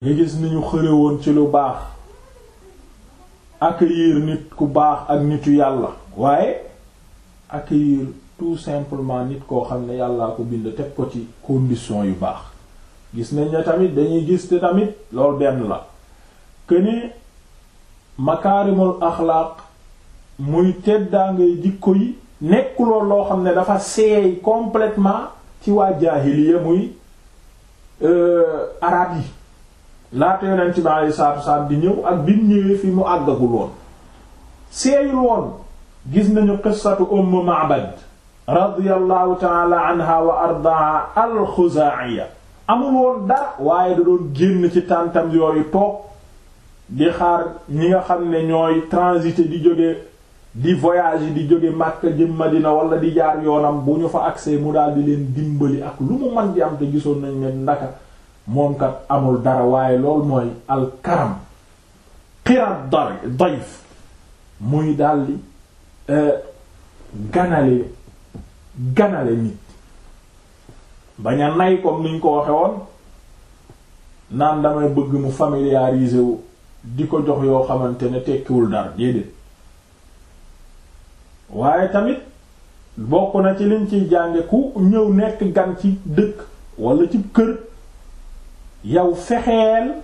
nga gis ni ñu xëre woon ci lu baax accueillir nit ku baax ak nitu yàlla waaye accueillir tout simplement nit koo xam ne yàllaa ko bind teg ko ci condition yu baax gis nañ ne tamit dañuy gis te tamit loolu benn la que ne makaarimul axlaaq muy teddaa ngay jikko yi nekkuloon loo xam ne dafa seey completement ci waa jaahiliya muy euh, arab yi laata yonent bi alayhi salaatu wasalaam di ñëw ak bi ñëwee fi mu àggagul woon seeyul woon gis nañu qissatu umm ma'bad radiyallahu ta'ala anha wa ardaha al amul woon dara waaye da doon génn ci tàntam yooyu toog di xaar ñi nga xam ne ñooy transiter di jóge di voyage yi di jóge Makka jëm Madina wala di jaar yoonam bu ñu fa agsee mu daal di leen dimbali ak lu mu man di am te gisoon nañ ne ndaka moom kat amul dara waaye loolu mooy al karam dar dayf muy daldi eh, ganale ganale nit bañ a nay comme niñ ko waxe naan damay bëgg mu familiariser wu di ko jox yoo xamante ne tekkiwul dara déedéet waaye tamit bokk na ci liñ ciy jànge ku ñëw nekk gan ci dëkk wala ci kër yow fexeel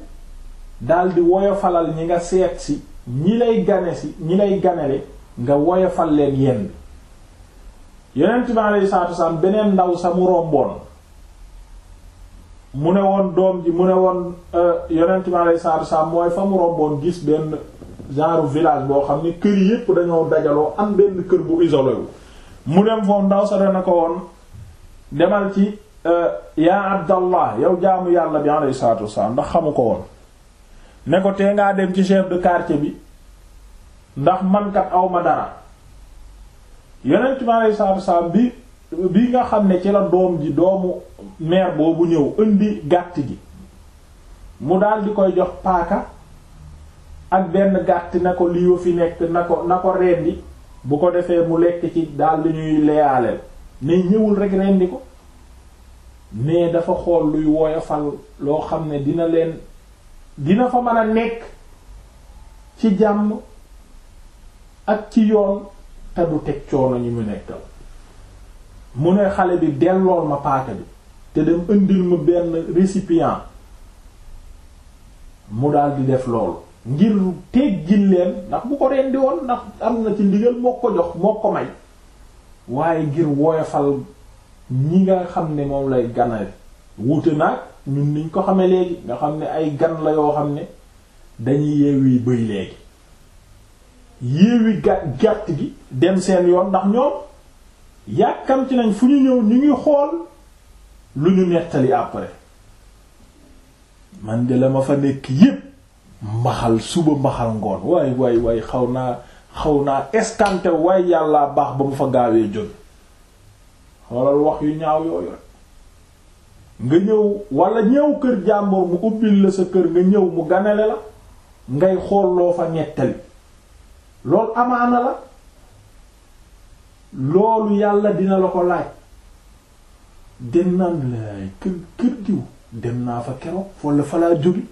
daldi woyofalal ñi nga seet si ñi lay gane si ñi lay ganele nga woyofal leen yenn bi yonent bi alayhi salaatu beneen ndaw sa mu romboon mu ne woon doom ji mu ne woon euh, yonent bi alayhi salaatu wasalaam mooy fa mu romboon gis benn genre village boo xam ne kër yépp dañoo dajaloo am benn kër bu isolé wu mu dem foofu ndaw sa dana ko woon demal ci Eh, yaa abdallah yow jaamu yàlla bi alayhi salaatu wasalaam ndax xamu ko woon ne ko tee ngaa dem ci chef de quartier bi ndax mankat awma dara yonent bi alayhi salaatu wasalaam bi bi nga xam ne ci la doom ji doomu meer boobu ñëw indi gàtt gi mu daal di koy jox paaka ak benn gàtt na ko liiwa fi nekk na ko na ko rendi bu ko defee mu lekk ci daal ñuy leyaaleel ne ñëwul rek rendi ko mais dafa xool luy woyofal loo xam ne dina leen dina fa man a nekk ci jàmm ak ci yoon te du teg coono ñi mu nekkal mu ne xale bi dellool ma paaka bi te dem indil mu benn récipient mu daal di def loolu ngir teggil leen ndax mu ko rendi woon ndax am na ci ndigal moo ko jox moo ko may waaye ngir woyofal ñi nga xam ne moom lay ganale wuute naag ñun niñ ko xame léegi nga xam ne ay gan la yoo xam ne dañuy yeewi bëy léegi yeewi ga gàtt gi dem seen yoon ndax ñoom yàkkamti nañ fu ñu ñëw ñu ngi xool lu ñu nettali après man de la ma fa nekk yépp mbaxal suba mbaxal ngoon waay waay xaw naa xaw naa escanté waay yàlla baax ba mu fa gaawee jot xoolal wax yu ñaaw yooyu nga ñëw walla ñëw kër jàmbur mu ubbil la sa kër nga ñëw mu ganale la ngay xool loo fa ñettali loolu amaana la loolu yàlla dina la ko laaj dem naa fa keroog wala fa laa jógi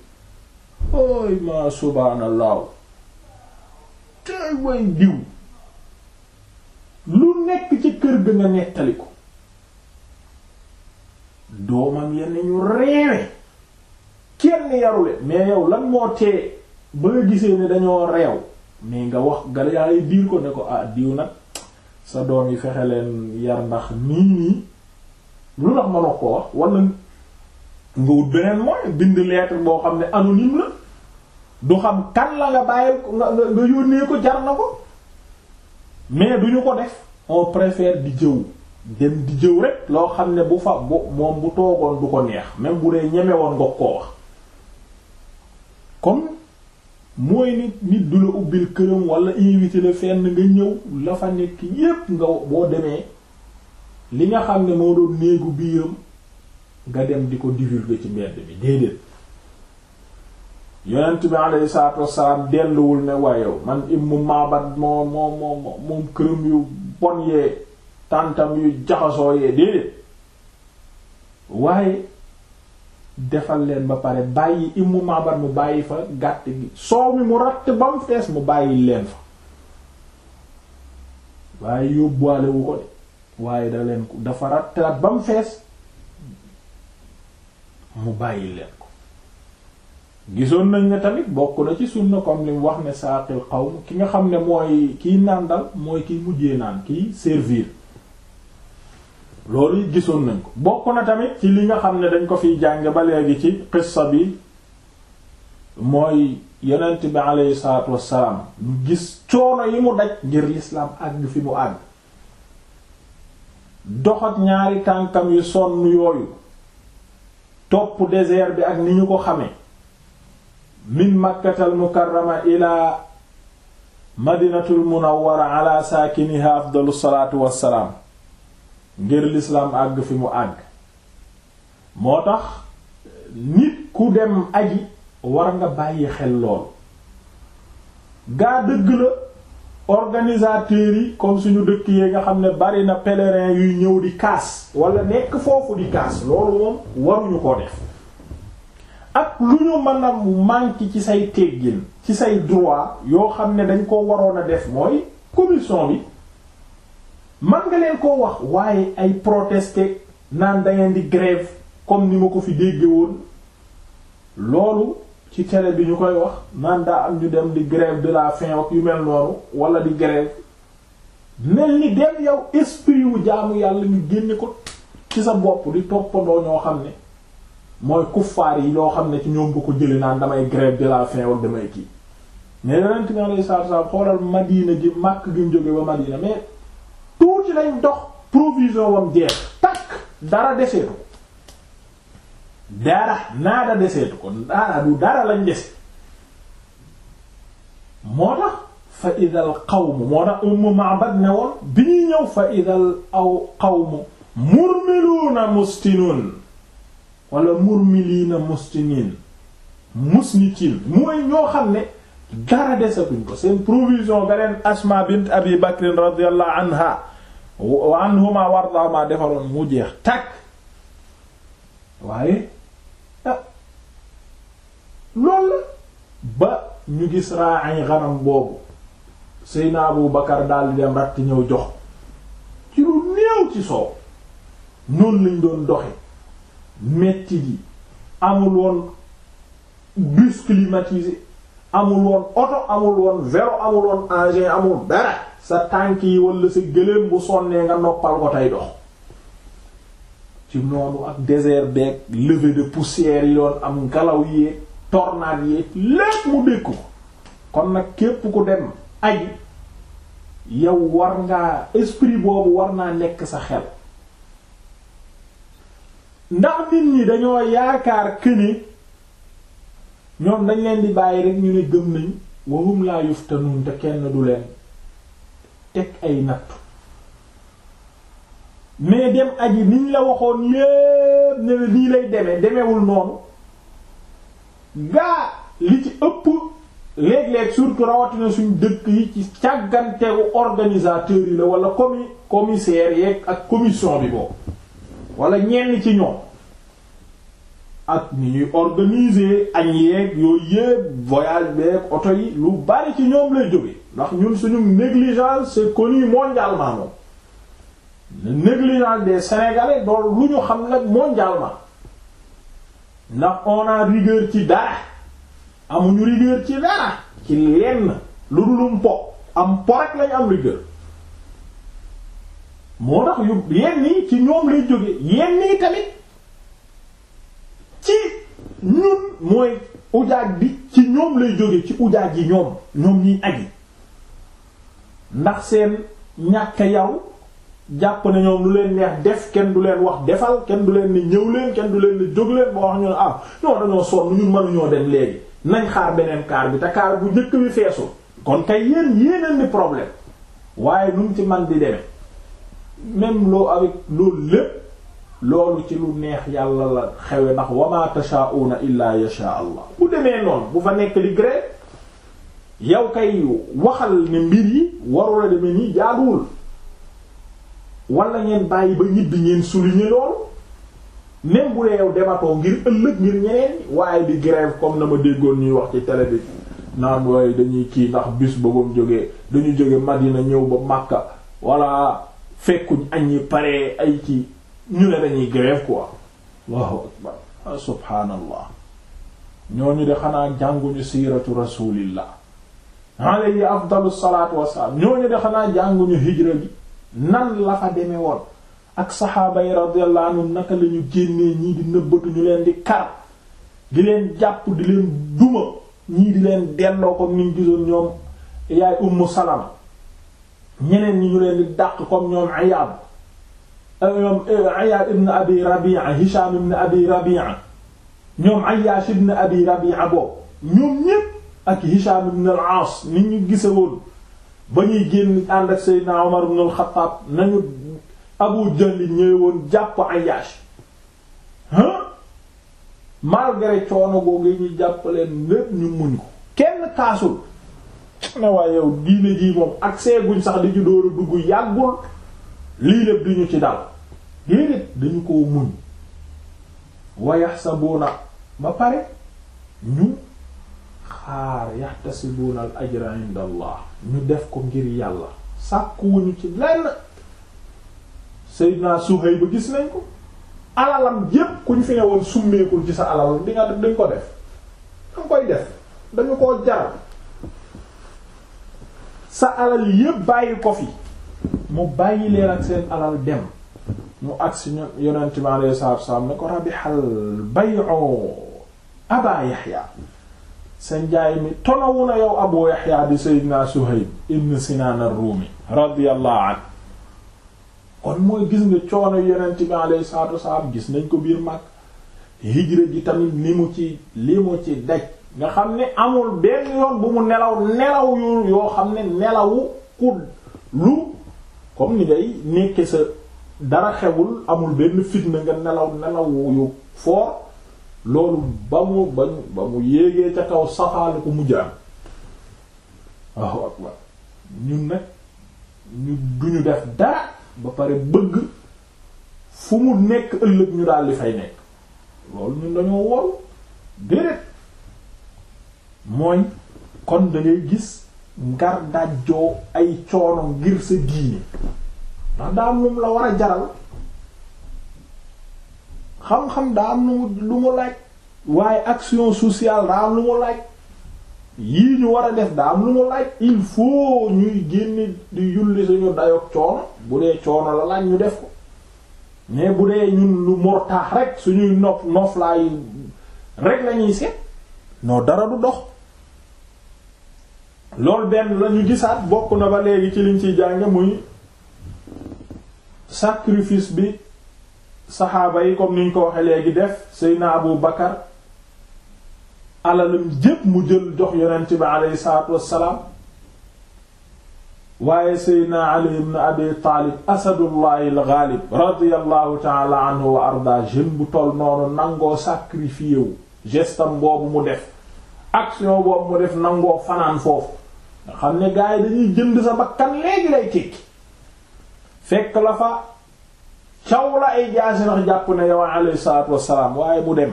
ooy ma subhaanallah tey way diw lu nekk ci kër gi nga nettali ko doomam yenn ñu reewe kenn yarule mais yow lan moo tee ba nga gisee ne dañoo reew mais nga wax gal yaay diir ko ne ko ah diw nag sa doom yi fexe leen yar ndax nii nii lu tax mënoo ko wax wala nga wut beneen mooy bind lettre boo xam ne anonyme la du xam kan la nga bàyyi nga nga yónnee ko jar na ko mais duñu ko def on préfère bi jëw dem di jëw rek loo xam ne bu fa bu moom bu toogoon du ko neex même bu dee ñeme woon nga koo wax comme mooy nit nit du la ubbil këram wala invité la fenn nga ñëw la fa nekk yépp nga boo demee li nga xam ne moo doon néegu biiram nga dem di ko divulguer ci mbedd bi déedéet yonent bi alayhi salaatu wassalaam delluwul ne waayow man immu maabat moom moom moom këram yu bon yee tàntam yu jaxasoo yee déedéet waaye defal leen ba pare bàyyi immu maabar mu bàyyi fa gàtt gi soow mi mu ratt bam fees mu bàyyi leen fa waaye yóbbuwaale ko de waaye da leen ko dafa ratt bam fees mu bàyyi leen ko gisoon nañ ne tamit bokk na ci sunna comme li mu wax ne saaqil xawm ki nga xam ne mooy kiy nàndal mooy kiy mujjee naan kiy servir loolu yi gisoon nañ ko bokk na tamit ci li nga xam ne dañ ko fiy jàng ba léegi ci qissa bi mooy yonent bi aleyhi salaatu wassalaam ñu gis coono yi mu daj ngir lislaam àgg fi mu àgg doxat ñaari tànkam yu sonn yooyu topp désert bi ak ni ñu ko xamee min makkatal mukarrama ila madinatul munawwara ala saakiniha afdalu salaatu wassalaam ngir lislaam àgg fi mu àgg moo tax nit ku dem aji war nga bàyyi xel lool gaa dëgg la organisateurs yi comme suñu dëkk yee nga xam ne bari na pèlerin yuy ñëw di kaas wala nekk foofu di kaas loolu moom waruñu ko def ak lu ñu mën a manqué ci say teggin ci say droit yoo xam ne dañ ko waroon a def mooy commission bi man nga leen koo wax waaye ay protester naan da ngeen di grève comme ni ma ko fi dégge loolu ci cere bi ñu koy wax naan daa am ñu dem di grève de la faim ak yu mel noonu wala di grève mel ni dem yow esprit wu jaamu yàlla ñu génne ko ci sa bopp di toppandoo ñoo xam ne mooy kuffaar yi loo xam ne ci ñoom bu ko jëlee naan damay grève de la faim wala damay kii mais yonent mi alayhi salaatu wa salaam xoolal Madina gi Makka gi mu jóge ba Madina mais. ci lañ dox provision wam jeex takk dara deseetu ko dara naada deseetu ko dara du dara lañ dese moo tax fa idal qawmu moo tax umm ma'bad ne woon bi ñuy ñëw fa idal aw qawmu murmiluuna mustinun wala murmiliina mustinin musnitin mooy ñoo xam ne dara desatuñ ko seen provision beneen asma bint abi bakrin radiyallahu anha wa anhuma wardaama defaroon mu jeex takk waaye ah loolu ba ñu gis raay xanam boobu Seyna Abu Bakar daal dem ratti ñëw jox ci lu néew ci soow noonu lañ doon doxe metti gi amul woon bus amul woon oto amul woon vélo amul woon engin amul dara sa tànk yi wala sa gëléem bu sonnee nga noppal ko tey dox ci noonu ak désert beeg levée de poussière yi am ngelaw yi tornade yeeg lépp mu dékk ko kon nag képp ku dem aji yow war ngaa esprit boobu war naa nekk sa xel ndax nit ñi dañoo yaakaar këni ñoom dañ leen di bàyyi rekk ñu ne gëm nañ wahum laa yuftanun te kenn du leen teg ay nattu mais dem yi niñ la waxoon lépp ne la nii lay demee demewul noonu gaa li ci ëpp léeg-léeg surtout rawatina suñ dëkk yi ci càgganteegu organisateurs yi la wala commi commissaire yeeg ak commission bi boobu wala ñenn ci ñoom ak ni ñuy organiser añ yeeg yooyu yépp voyage beeg oto yi lu bari ci ñoom lay jóge ndax ñun suñu négligence c'est connu mondialement moom le négligence des Sénégalais dool lu ñu xam nag mondialement ndax on a ci dara amuñu rigueur ci dara ci lenn lu dulum po am po rek lañu am rigueur moo tax yu yenn ci ñoom lay jóge yenn tamit ci ñun mooy ujaaj bi ci ñoom lay jóge ci ujaaj yi ñoom ñoom ñuy aji ndax seen ñàkk yaru jàpp na ñoom lu leen neex def kenn du leen wax defal kenn du leen ne ñëw leen kenn du leen ne jóg leen boo wax ñu ne ah non dañoo ñu ñun ñoo dem léegi nañ xaar beneen kaar bi te kaar bu njëkk bi feesul kon kay yéen yéeneen ni problème waaye lu mu ci man di demee même loo avec loolu lépp loolu ci lu neex yàlla la xewe ndax wa ma tashaauna illa yasha allah bu demee noonu bu fa nekk di gré yow kay waxal ne mbir yi warula deme nii jaaduwul wala ngeen bàyyi ba ñibbi ngeen souligner loolu même bu dee yow dematoo ngir ëllëg ngir ñeneen waaye di grève comme na ma déggoon ñuy wax ci télé bi naan waaye dañuy kii ndax bus boobam jógee dañu jóge Madina ñëw ba Makka wala fekkuñ añ yi paree ay ci ñu ne dañuy grève quoi Allahu akbar subhaanallah ñooñu de xanaa jànguñu siiratu rasulillah alayhi afdalu salaatu wassalaam ñooñu de xanaa jànguñu hijra gi nan la fa demee woon ak saxaaba yi radiyallahu anhum naka la ñu génnee ñii di nëbbatu ñu leen di kar di leen jàpp di leen duma ñii di leen delloo comme niñ gisoon ñoom yaay ummu salama ñeneen ñi ñu leen di dàq comme ñoom Iyaad ñoom eh, Iyaad ibn Abi Rabi'a Hisham ibn Abi Rabi'a ñoom Ayyash ibn Abi Rabi'a boobu ñoom ñépp ak Hisham ibn al-Aas ni ñu gise ba ñuy génn ànd ak Seydina Omar ibn al-Khattab nañu Abu Jahl ñëw woon jàpp Ayyash malgré coono googu ñu jàpp leen lépp ñu muñ ko kenn kaasul ne waaye yow diine jii moom ak seeguñ sax di ci dóoru dugg yàggul lii lépp duñu ci dal déedéet dañu ko muñ wa yaxsabuuna ba pare ñu xaar yaxtasibuuna al ajra inda allah ñu def ko ngir yàlla sàkkuwuñu ci lenn Seydina Suhayb ba gis nañ ko alalam yépp ku ñu fi ne summeekul ci sa alal di nga dañ ko def danga koy def dañu koo jaral sa alal yépp bàyyi ko fi mu bàyyi leen ak seen alal dem mu agsi yonent bi alayhi salaatu wa salaam ne ko rabihal bay'u Aba Yahya sa njaay mi tonawu na yow abu yaxya di seydina suhayb ibn sinaan ar-ruumi an kon mooy gis nga coono yonent bi alayhi salaatu wasalaam gis nañ ko biir mag hijra ji tamit li mu ci li mu ci daj nga xam ne amul benn yoon bu mu nelaw nelaw yu yoo xam ne nelawu ku lu comme ni ngay nekke sa dara xewul amul benn fitna nga nelaw nelaw yu fort loolu ba mu bañ ba mu yéegee ca kaw safaala ko mujjaan waaw ak waaw ñun nag ñu duñu def dara ba pare bëgg fu mu nekk ëllëg ñu daal di fay nekk loolu ñun dañoo wol déedéet mooy kon da gis ngar dajjoo ay coono ngir sa diine ndax daa moom la war a jaral xam-xam daa am lu mu lu mu laaj waaye action sociale daa am lu mu laaj yii ñu war a def daa am lu mu laaj il faut ñuy génne di yulli suñu dayoog coono bu dee coono la laaj ñu def ko mais bu dee ñun lu mortaax rek suñuy nopp noflaay rek lañuy seet non dara du dox loolu benn lañu gisaat bokk na ba léegi ci liñ ciy jànge muy sacrifice bi saxaaba yi ko niñ ko waxe léegi def seydna abu bakar alalam jépp mu jël jox yonent bi aleyhi salaatu wassalaam waaye seydna ali ibn abi taalib asadullahi alxaalib radiallahu taala anhu wa arda jeune bu toll noonu nangoo sacrifié wu gestam boobu mu def action boobu mu def nangoo fanaan foofu nga xam ne gars dañuy jënd sa bakkan léegi lay tekki fekk la fa caw la ay jaasi ndax jàpp ne yow alayhi salaatu waaye mu dem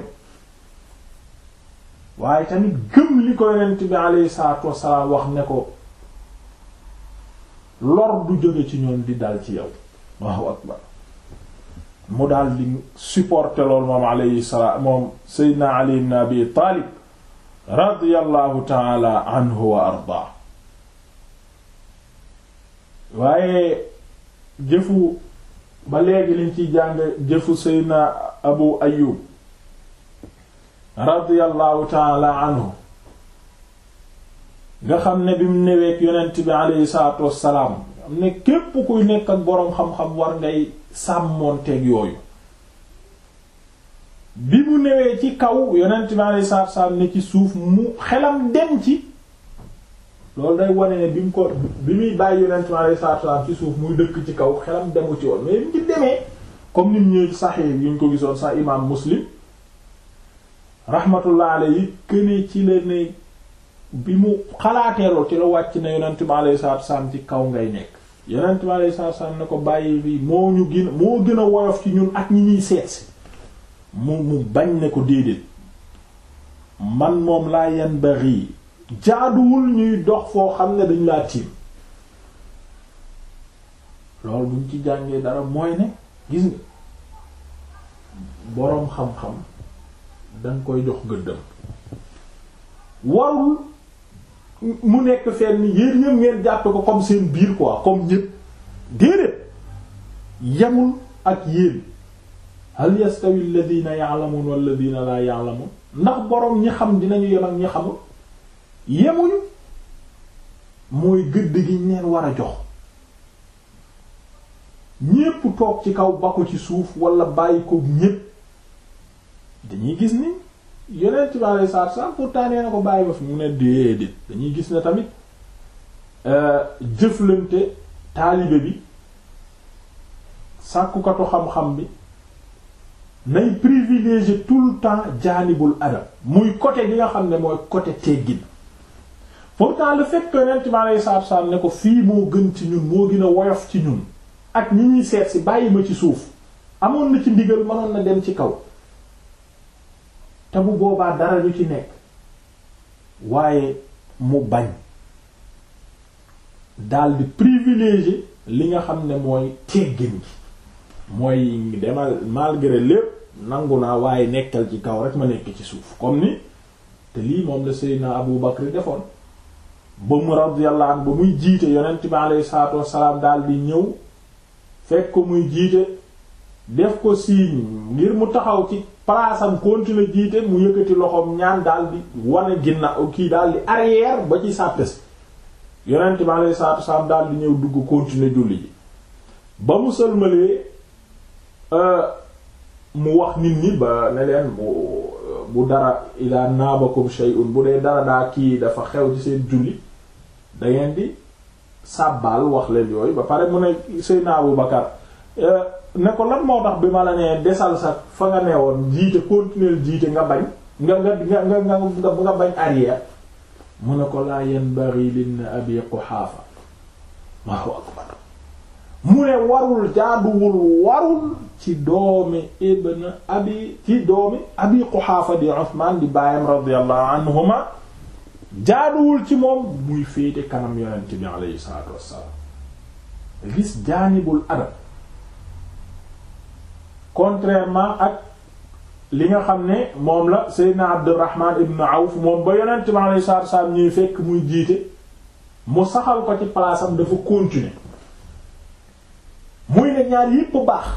waaye tamit gëm li ko yonent bi alayhi salaatu wax ne ko lor du jóge ci ñoom di dal ci yow waaw akbar mu daal di supporter lool moom alayhi Ali ibn Taalib radiyallahu taala anhu wa ardaa waaye jëfu ba léegi liñ ciy jàng jëfu seydna abu ayub radiyallahu taala anhu nga xam ne bi mu neweek yonent bi aleyhi salaatu wassalaam am ne képp kuy nekk ak boroom xam-xam war ngay sàmmoonteeg yooyu bi mu newee ci kaw yonent bi aleyhi salaatu wassalaam ne ci suuf mu xelam dem ci loolu day wane ne bi mu ko bi muy bàyyi yonent mi alayhi salaatu wa salaam ci suuf muy dëkk ci kaw xelam demu ci woon sax yi ko gisoon sax imaam muslim rahmatullah ci bi mu xalaateeloo ci la wàcc ne yonent ci kaw ngay nekk yonent mi alayhi salaatu ko bàyyi bi a woyof ci ñun ak ñi ñuy seetsi mu mu moom laa yan bari jaaduwul ñuy dox foo xam ne dañ laa tiim loolu buñ ci jàngee dara mooy ne gis nga boroom xam-xam danga koy dox gëddam warul mu nekk fenn yéen ñëpp ngeen jàpp ko comme seen biir quoi comme ñëpp déedéet yemul ak yéen hal yastawi alladhina ya'lamun walladhina la ya'lamun ndax boroom ñi xam dinañu yem ñi xamul yemuñu mooy gëdd gi ñu war a jox ñépp toog ci kaw ba ko ci suuf wala bàyyi ko ñépp dañuy gis ni yeneen tubaab yi saa saa pourtant nee na ko bàyyi ba fi mu ne déedéet dañuy gis ne tamit euh, jëflante taalibe bi sàkkukatu xam-xam bi nay privilégier tout le temps jaanibul adab muy côté bi nga xam ne mooy côté teggin. pourtant le fait que yonent bi aleyhi salaatu ne ko fii moo gën ci ñun moo gina woyof ci ñun ak ñi ñuy seet si bàyyi ma ci suuf amoon na ci ndigal mënoon na dem ci kaw te bu boobaa dara lu ci nekk waaye mu bañ daldi privilégier li nga xam ne mooy teggin gi mooy demal malgré lépp nangu naa waaye nekkal ci kaw rek ma nekk ci suuf comme ni te lii moom la Seydina Abu Bakr defoon ba mu radiyallahu anhu ba muy jiite yonent bi alayhi salaatu wassalaam daal di ñëw fekk ko muy jiite def ko siiñ ngir mu taxaw ci palaasam continuer jiite mu yëkkati loxoom ñaan daal di wane ginnaaw kii daal di arrière ba ci sàppes yonent bi alayhi salaatu wassalaam daal di ñëw dugg continuer julli ji ba mu sëlmalee euh, mu wax nit ñi ba ne leen bu dara ila naabakum shay'un bu dee dara daa kii dafa xew ci seen julli da ngeen di sàbbaal wax leen yooyu ba pare mu ne Seydina Abu Bakar euh, ne ko lan moo tax bi ma la nee desal sa fa nga nee woon jiite continuer jiite nga bañ nga nga nga nga nga bañ arrière mu ne ko laa yanbaghi lin Abi Quhafa Allahu akbar mu ne warul jaaduwul warul ci doomi ibn abi ci doomi abi Quhafa di Usman di baayam radiyallahu anhuma jaaduwul ci moom muy féete kanam yonent bi alayhi salaatu wassalaam gis jaanibul adab contrairement ak li nga xam ne moom la Seydina Abdurrahman ibn Awf moom ba yonent bi alayhi salaatu wassalaam ñuy fekk muy jiite mu saxal ko ci palaasam dafa continuer muy ne ñaar yépp baax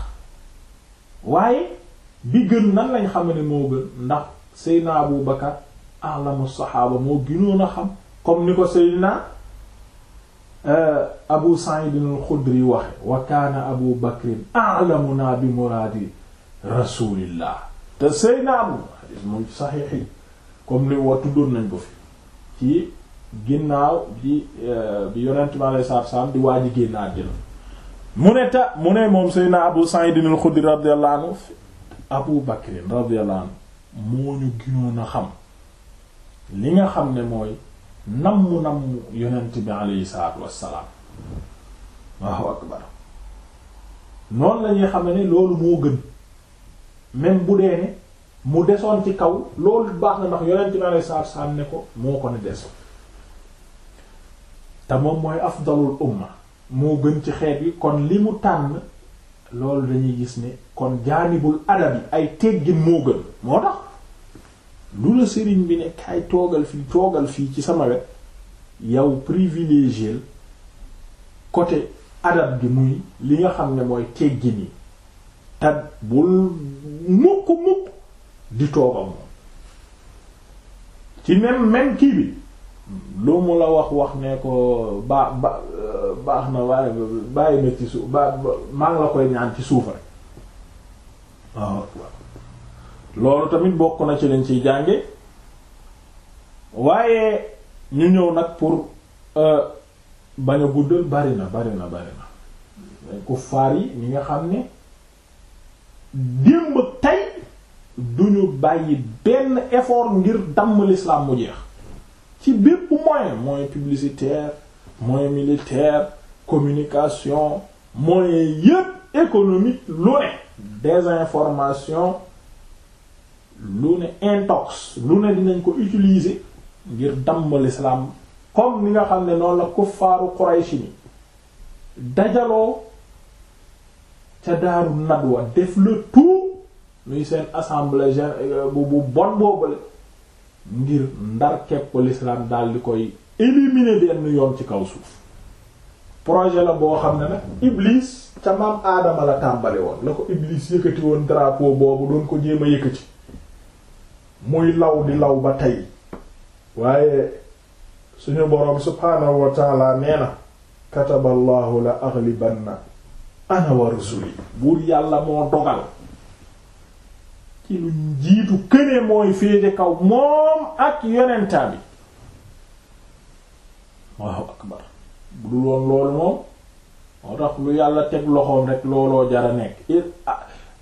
waaye bi gën nan lañ xam ne moo gën ndax Seydina Abu Bakar alamu saxaaba moo gënoon a xam comme ni ko Seydina euh, Abu Sa'id al-Khudri waxe wa kaana Abu Bakrin a'lamuna bi muraadi rasulillah te Seydina Abu mu saxiix yi comme ni wa tuddoon nañ ko fi ci ginnaaw bi euh, bi yonent mi alayhi salaatu salaam di waa ji génn àddina mu ne ta mu ne moom Seydina Abu Sa'id al-Khudri radiyallahu anhu moo ñu gënoon a xam li nga xam ne mooy nam namm yonent bi aleyhi salaatu wassalaam waaw akbar noonu la ñuy xam ne loolu moo gën même bu dee ne mu desoon ci kaw loolu baax na ndax yonent bi aleyhi salaatu wassalaam ne ko moo ko ne des te moom mooy afdalul umma moo gën ci xeet yi kon li mu tànn loolu dañuy gis ne kon jaanibul adabi ay teggin moo gën moo tax lu la sëriñ bi ne toogal fii toogal fii ci sama wet yow privilégié côté adab gi muy li nga xam ne mooy teggin yi te bul mukk mukk di tooga moom ci même même kii bi lu mu la wax wax ne ko baa baax na waaye bàyyi na ci suuf ba maa ngi la koy ñaan ci suuf rek loolu tamit bokk na ci liñ ciy jànge waaye ñu ñëw nag pour euh, bañ a guddal bari na bari na bari na kuffaar yi ñi nga xam ni démb tey duñu bàyyi benn effort ngir damm l'islam mu jeex ci bépp moyen moyen publicitaire moyen militaire communication moyen yépp économique lu ne désinformation lu ne intox lu ne dinañ ko utiliser ngir damm l'islam comme ni nga xam ne noonu la kuffaaru Quraysh ni dajaloo ca Daaru Nadwa def le tout nuy seen assemblée euh, bu bu bon boobale ngir ndar kepp l'islam daal di koy éliminer benn yoon ci kaw suuf projet la boo xam ne nag Iblis ca maam aadama la tàmbali woon la ko Iblis yëkkati woon drapeau boobu doon ko jéem a yëkkati muy law di law ba tey waaye suñu boroom subhaanahu wa nee na kataba allahu la aghlibanna ana wa rusuli buur yàlla moo dogal ci lu jiitu këne mooy féete kaw moom ak yonentaa waaw akbar bu dul moom moo tax lu yàlla teg loxoom rek looloo jara nekk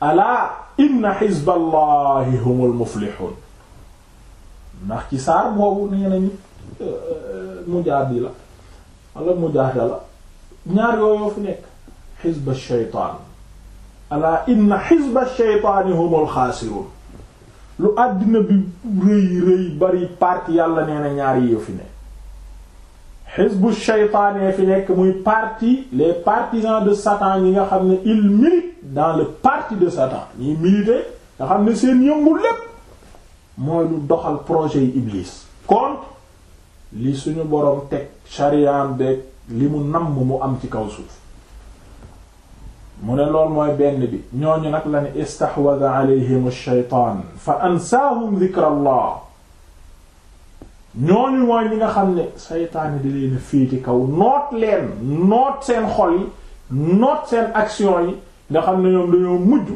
alaa inna xizballahi humul muflixuun ndax ci saar boobu nee nañu euh, euh, mujaadi la wala mujaada la ñaar yooyu fi nekk xisba shaytaan ala inna xisba shaytaani humul xaasiruun lu àddina bi rëy rëy bari parti yàlla nee na ñaar yi fi nekk xisbu shaytaane fi nekk muy parti les partisans de Satan yi nga xam ne ils militent dans le parti de Satan ñi militer nga xam ne seen yëngu lépp mooy lu doxal projet yi Iblis contre li suñu boroom teg charian beeg li mu namm mu am ci kaw suuf mu ne lool mooy benn bi ñooñu nag la ne istahwada alayhim ash fa ansaahum dhikra Allah ñooñu mooy ñi nga xam ne saytaane di fii ci kaw noot leen noot seen xol yi noot seen action yi nga xam ne ñoom dañoo mujj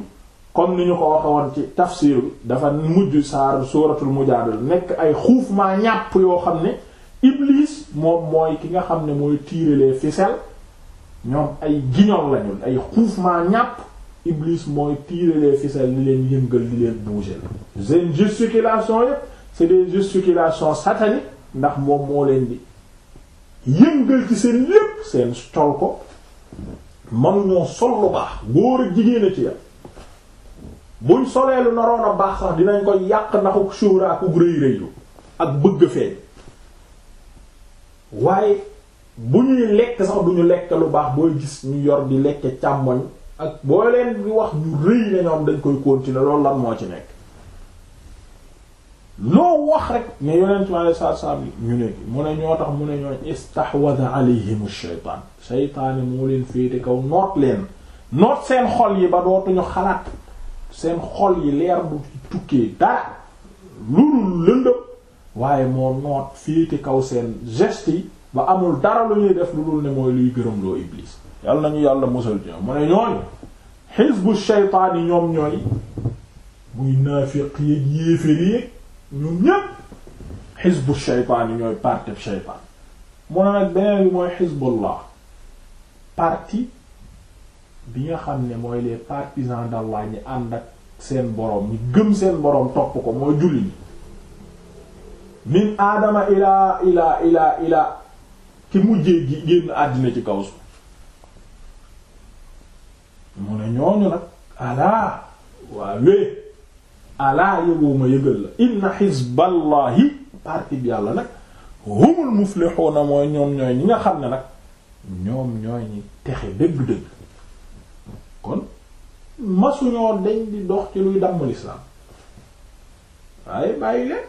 comme ni ñu ko waxe ci tafsir bi dafa mujj saar suuratul mujaadala nekk ay xuuf maa ñàpp yoo xam ne iblis moom mooy ki nga xam ne mooy tirer les ficelles ñoom ay guignol lañu ay xuuf maa ñàpp iblis mooy tirer les ficelles li leen yëngal li leen bouger seen gesticulation yépp c'est des gesticulations sataniques ndax moom moo leen di yëngal ci seen lépp seen tol ko mënuñoo sol lu baax góor ak jigéen a ci yàlla buñ soleelu naroon a baax sax dinañ ko yàq naxuk suura akuk rëy rëylu ak bëgg feeñ waaye bu ñuy lekk sax duñu lekk lu baax booy gis ñu yor di lekk càmmoñ ak boo leen di wax ñu rëy na ñoom dañ koy continuer loolu lan moo ci nekk loo wax rek ne yonent mi alei satu salaam ñu ne mu ne ñoo tax mu ne ñooñ istahwada alayhim shaytaan shaytaani moo leen féete kaw noot leen noot seen xol yi ba dootuñu xalaat seen xol yi leer bu tukkee dara lurul lëndëm waaye moo noot ci kaw seen geste ba amul dara lu ñuy def lu dul ne mooy luy gërëmloo iblis yàlla nañu yàlla musal ci mu ne ñooñu xisbu shaytaan yi ñoom ñooy muy naafiq yéeg yéeféer yéeg ñoom ñépp xisbu yi ñooy parti shaytaan mu ne nag beneen bi mooy xisbullah parti bi nga xam ne mooy les partisans d'Allah ñi ànd ak seen boroom ñi gëm seen boroom topp ko mooy julli ñi min aadama ilaa ilaa ilaa ilaa ki mujjee gi génn àddina ci kaw su mu ne ñooñu nag alaa waawee alaa yëguma yëgal la inna xisballahi parti bi yàlla nag humul muflixuuna mooy ñoom ñooy ñi nga xam ne nag ñoom ñooy ñi texe dëgg-dëgg masuñoo dañ di dox ci luy damm lislaam waaye bàyyi leen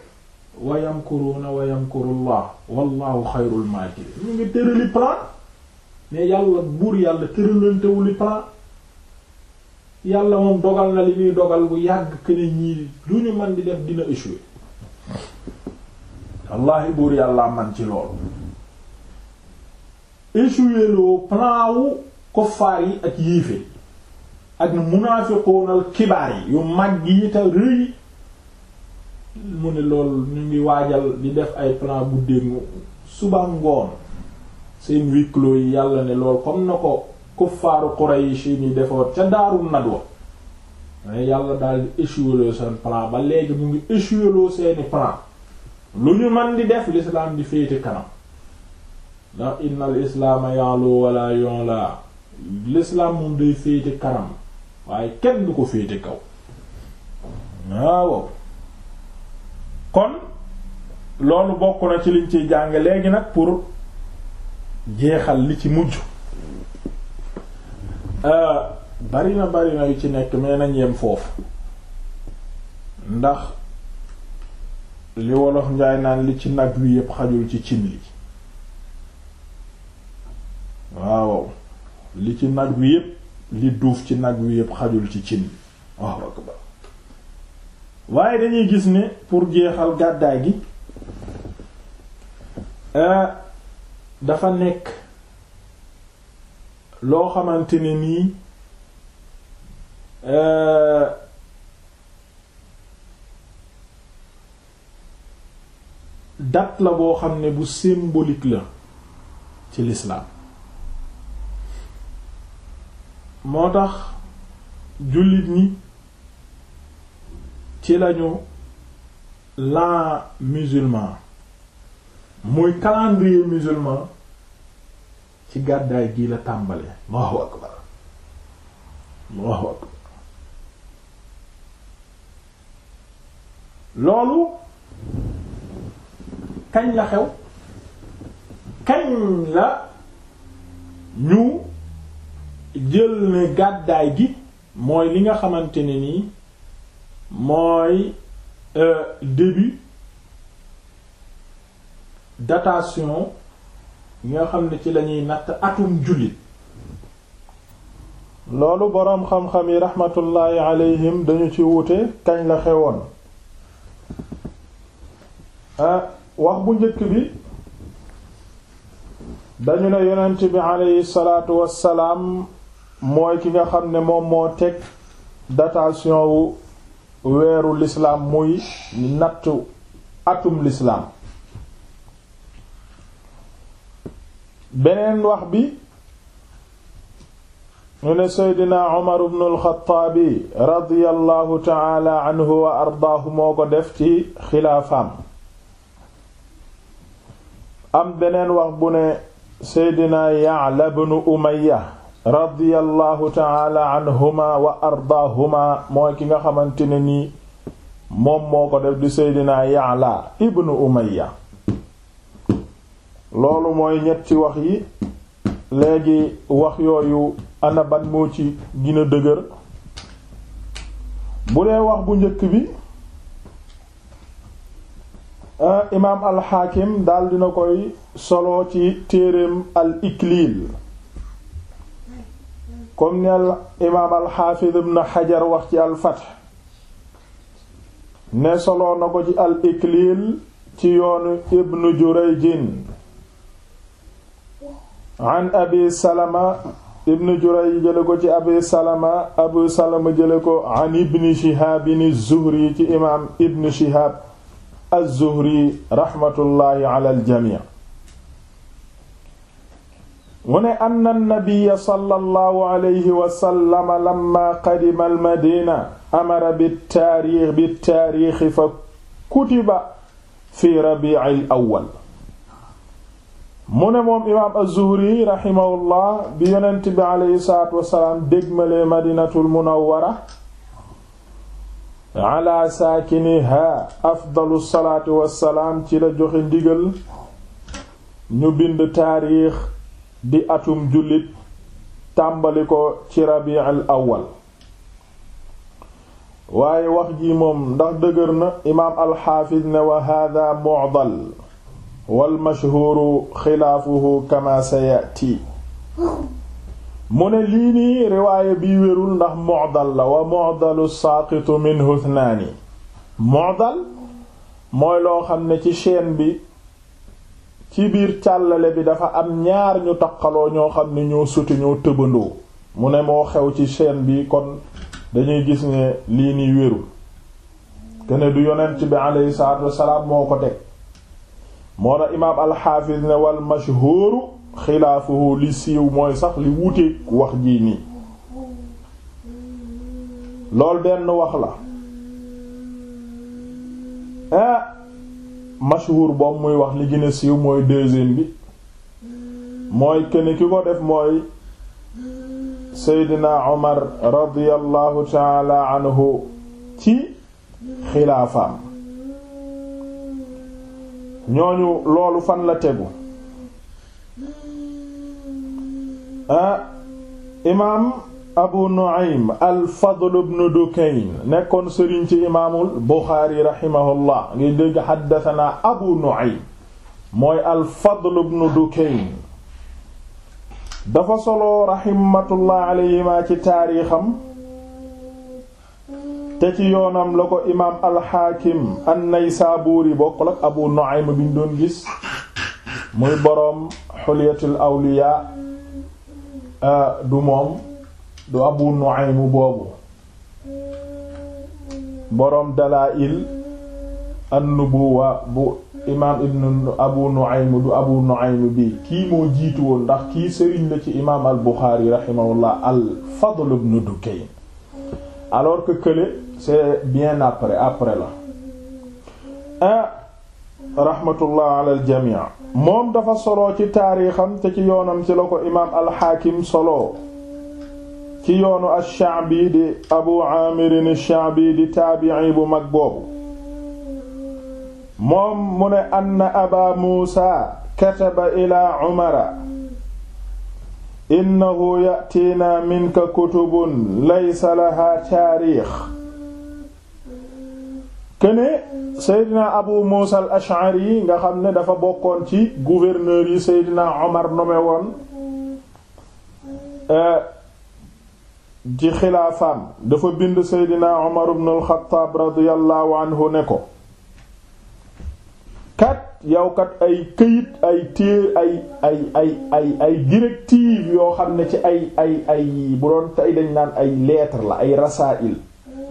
wa yamkuruuna wa yamkurullah wallahu xayrul maakirin ñu ngi tërali plan ne yàlla buur yàlla tëralantewuli plan yàlla moom dogal na li muy dogal bu yàgg këne ñii lu ñu man di def dina échouer wallahi buur yàlla man ci loolu échouer loo plan wu koffaar yi ak yéefee ak munaafiqoonal kibaar yi yu mag yi rëy mu ne loolu ñu ngi waajal di def ay plan bu déngu suba ngoon seen huis clos yi yàlla ne lool comme na ko kuffaaru Quraysh ni defoon ca Daaru Nadwa mais yàlla daal di échoué seen plan ba léegi mu ngi échoué seeni plan lu ñu mën di def l'islam di féete kanam ndax innal islaama ya'lu wala yu'la l'islam moom day féete kanam waaye kenn du ko féete kaw waaw kon loolu bokk na ci liñ ciy jàng léegi nag pour jeexal li ci mujj euh, bari na bari na yu ci nekk mais nañ yem foofu ndax li wolof njaay naan li ci nag wi yépp xajul ci cin li waaw li ci nag wi yépp li duuf ci nag wi yépp xajul ci cin waaye dañuy gis ne pour jeexal gàddaay gi euh, dafa nekk loo xamante ne nii euh, date la boo xam ne bu symbolique la ci l'islam moo tax jullit ñi ci lañu l'an musulman muy calendrier musulman ci gàddaay gii la tàmbale Allahu loolu kañ la xew kañ la ñu jël ne gàddaay gi mooy li nga xamante ne nii mooy euh, début datation yi nga xam ne ci lañuy natt atum jullit loolu boroom xam-xam yi raxmatullaahi alayhim dañu ci wuute kañ la xewoon euh, wax bu njëkk bi dañu ne yonent bi alayhi wassalaam mooy ki nga xam ne moom moo teg datation wu weeru lislaam muy nattu atum lislaam beneen wax bi ñu ne seydina umar ibn alxataabi radiyallahu taala anhu wa ardaahu moo ko def ci xilaafaam am beneen wax bu ne seydina ya'la ibn radiyallahu taala anhuma wa ardaahuma mooy ki nga xamante ne nii moom moo ko def di seydinaa Ya'la ibnu Umayya loolu mooy ñetti wax yi léegi wax yooyu ana moo ci gën dëgër bu dee wax bu njëkk bi ah, imaam al-Hakim dina koy solo ci téereem al-Iklil comme ni al imaam alxaafid ibn xajar wax ci al fath ne soloo na ko ci al ikliil ci yoonu ibn jurayjin an abi salama ibn jurayj jële ko ci abi salama abu salama jële ko an ibn shihaabin zuhri ci imaam ibn shihaab az-zuhri raxmatullaahi ala al jamii mu ne anna nabiyya sallallahu alayhi wa sallam lamma qadima almadina amara bitaarix bitaarixi fa kutiba fi rabi'il awwal mu ne moom imaam az-Zuhri rahimahullah bi yonent bi aleyhi salaatu wasalaam dégmale madinatul munawwara ala saakiniha afdalu salaatu wasalaam ci la joxe ndigal ñu bind taarix di atum jullit tàmbali ko ci rabi'ul awwal waaye wax ji moom ndax dëgër na imaam alxaafis ne wa hada mu'dal wal mashhuuru xilaafuhu kama sayati mu ne lii nii riwaaya bi wérul ndax mu'dal la wa mu'dalu saaqitu minhu ithnaani mu'dal mooy loo xam ne ci chaîne bi ci biir càllale bi dafa am ñaar ñu taqaloo ñoo xam ne ñoo suti ñoo tëbandoo mu ne moo xew ci chaîne bi kon dañuy gis ne lii ni wérul kene du yonent bi aleyhi salaatu wasalaam moo ko teg moo na imaam alxaafis ne wal mashhuuru xilaafuhu li siiw mooy sax li wuteek wax ji nii lool benn wax la eh? mashhur boobu muy wax li gën siiw mooy deuxième bi mooy kenn ki ko def mooy Seydina Omar radiyallahu taala anhu ci xilaafaam ñooñu loolu fan la tegu ah, imaam abu nu'aym al-fadl ibn dukayn nekkoon sëriñ ci imaamul buxaari rahimahullah ngi dégg xaddatanaa abu nu'aym mooy al-fadl ibn dukayn dafa solo raxmatullah ci taariixam te ci yoonam la ko imaam alxaakim an-naysaabuuri bokkul ak abu nu'aym bi doon gis muy boroom xulyatul awliyaa ah, du moom du abu nu'aym boobu boroom dalaa'il an-nubuwa bu imaam ibn abu nu'aym du abu nu'aym bi kii moo jiitu woon ndax kii sëriñ la ci imaam al buxaari rahimahullah al fadl ibn dukayn alors que c'est bien après après la ah rahmatullah al jamii moom dafa solo ci taarixam te ci yoonam ci la ko imaam al xaakim solo ci yoonu ash-Sha'bi di Abu Aamir ash-Sha'bi di taabi'i bu mag boobu moom mu ne Aba Muusa kataba ilaa Umara innahu ya'tiina minka kutubun laysa lahaa taariix kene Seydina Abu Muusa al-Ash'ari nga xam ni dafa bokkoon ci gouverneur yi Seydina ci xilaafaam dafa bind seydina Umar ibn al-Khattab radiyallahu anhu ne ko kat yow kat ay këyit ay téer ay ay ay ay ay directive yoo xam ne ci ay ay ay bu doon tey dañ naan ay lettre la ay rasail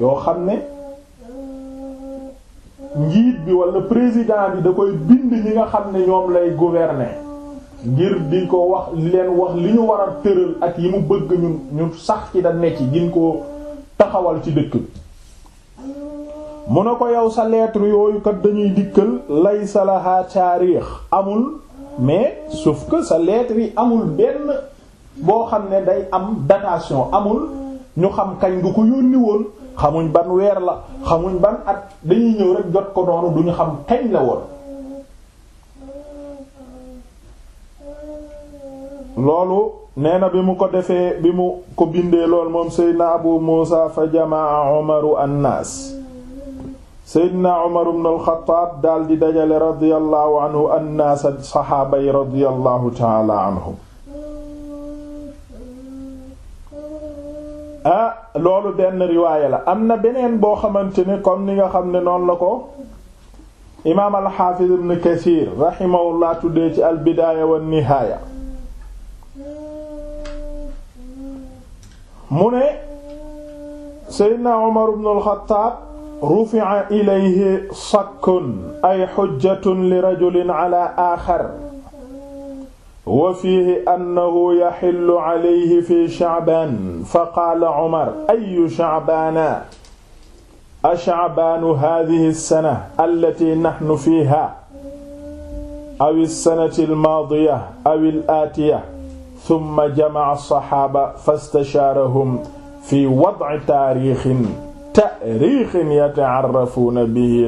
yoo xam ne njiit bi wala président bi da koy bind ñi nga xam ne ñoom lay gouverner ngir di ko wax leen wax li ñu war a tëral ak yi mu bëgg ñun ñu sax ci da nekk gin koo taxawal ci dëkk bi mu ne ko yow sa leetre yooyu kat dañuy dikkal lay salaha lahaa taarix amul mais sauf que sa leetre yi amul benn boo xam ne day am datation amul ñu xam kañ nga ko yónni woon xamuñ ban weer la xamuñ ban at dañuy ñëw rek jot ko noonu ñu xam kañ la woon loolu neena bi mu ko defee bi mu ko bindee lool moom seydna abu muusa fa jamaa umaru annaas seydna umar ibn al-xattaab daal di dajale radiyallahu anhu annaas saxaaba yi radiyallahu taala anhu ah loolu benn riwaaya la am na beneen boo xamante ni comme ni nga xam ne noon la ko imaam alxaafiz ibn kasiir raximahullah tuddee ci albidaaya wan nihaaya mu ne seydna umar ibn al-Khattab rufi'a ilayhi sakkun ay hujjatun li rajulin ala axar wa fiihi annahu yaxillu alayhi fi sha'baan fa qaala umar ayu sha'baana asha'baanu haadihi as-sana allatii nahnu fiihaa aw as-sanati al-maadiya aw al-aatiya summa jamaa alsaxaaba fastashaarahum fi wadci taarixin taarixin yatacarrafuuna bihi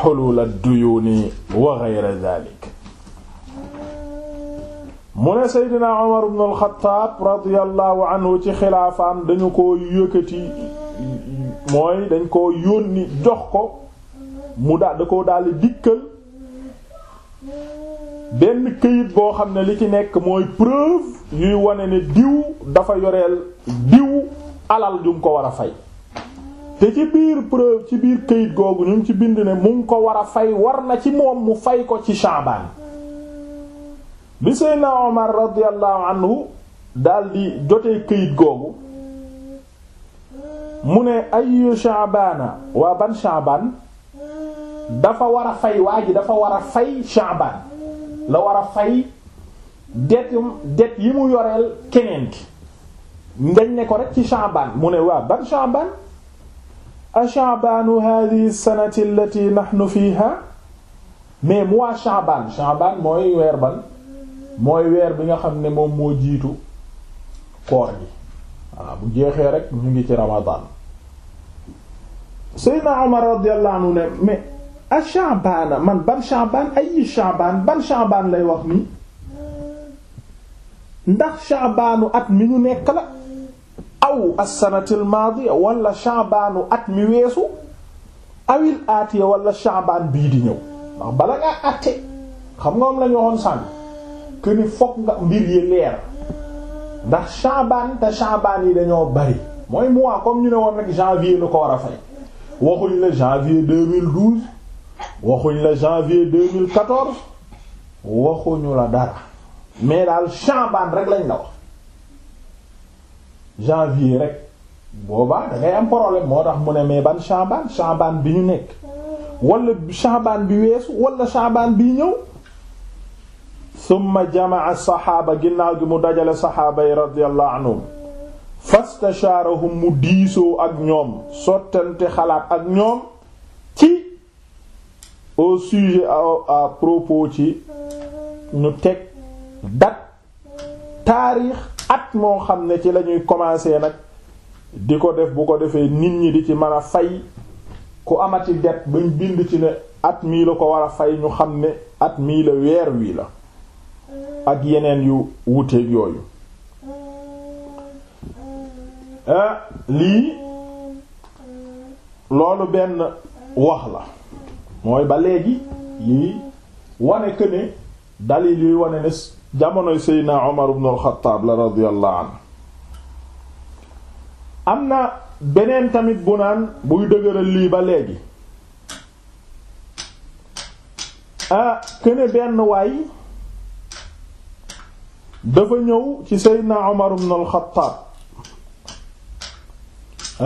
xulula duyuuni wa geyra dalik mu ne seydina omar bnu alxataab radiallahu anhu ci xilaafaam dañu ko yëkkati mooy dañ ko yónni jox ko mu da da ko daldi dikkal benn këyit boo xam ne li ci nekk mooy preuve yuy wane ne diw dafa yoreel diw alal ju mu ko war a fay te ci biir preuve ci biir këyit googu ñu ci bind ne mu ngi ko war a fay war na ci moom mu fay ko ci Shaabaan bi Seydina Omar radiyallahu anhu këyit googu mu ne ayyu Shaabaana waa dafa war a fay waa ji dafa war a fay la war a fay det yi mu yoreel keneen ki ngañ ne ko rek ci Sha'ban mu ne waa ban Sha'ban a Sha'banu hadhihi sanati allati nahnu fiha mais mois Sha'ban Sha'ban mooy weer ban mooy weer bi nga xam ne moom moo jiitu koor gi waaw bu jeexee rek ñu ngi ci Ramadan Seydina Umar radiyallahu anhu ne mais a Sha'bana man ban Sha'ban ay Sha'ban ban Sha'ban lay wax nii ndax Sha'banu at mi ñu nekk la aw as-sanatil maadiya wala Sha'banu at mi weesu awil aatiya wala Sha'ban bii di ñëw ndax bala ngaa àtte xam nga moom la ñu waxoon sànq que ni fokk yi leer ndax Sha'ban te yi dañoo bari mooy mois ko war waxuñ la janvier waxuñu la dara mais daal Chaabaan rek lañ la wax janvier rek boobaa da ngay am problème moo tax mu ne mais ban Chaabaan Chaabaan bi ñu nekk wala Chaabaan bi weesu walla Chaabaan bi ñëw summa jamaa saxaaba ginnaaw gi mu dajale saxaaba yi radiyallahu anhum fastashaarahum mu diisoo ak ñoom sottante xalaat ak ñoom ci au sujet à, propos ci ñu teg date taarix at moo xam ne ci lañuy ñuy nag di ko def bu ko defee nit ñi di ci mën a fay ku amati det bañ bind ci ne at mii la ko war a fay ñu xam ne at mii la weer wii la ak yeneen yu wuteeg yooyu ah, lii loolu benn wax la mooy ba léegi yi wane que ne dalil yuy wane ne jamonoy Seydina Omar ibn al la radiyallahu am na beneen tamit bu naan buy dëgëral lii ba léegi ah këne benn waay dafa ñëw ci Seydina Omar ibn al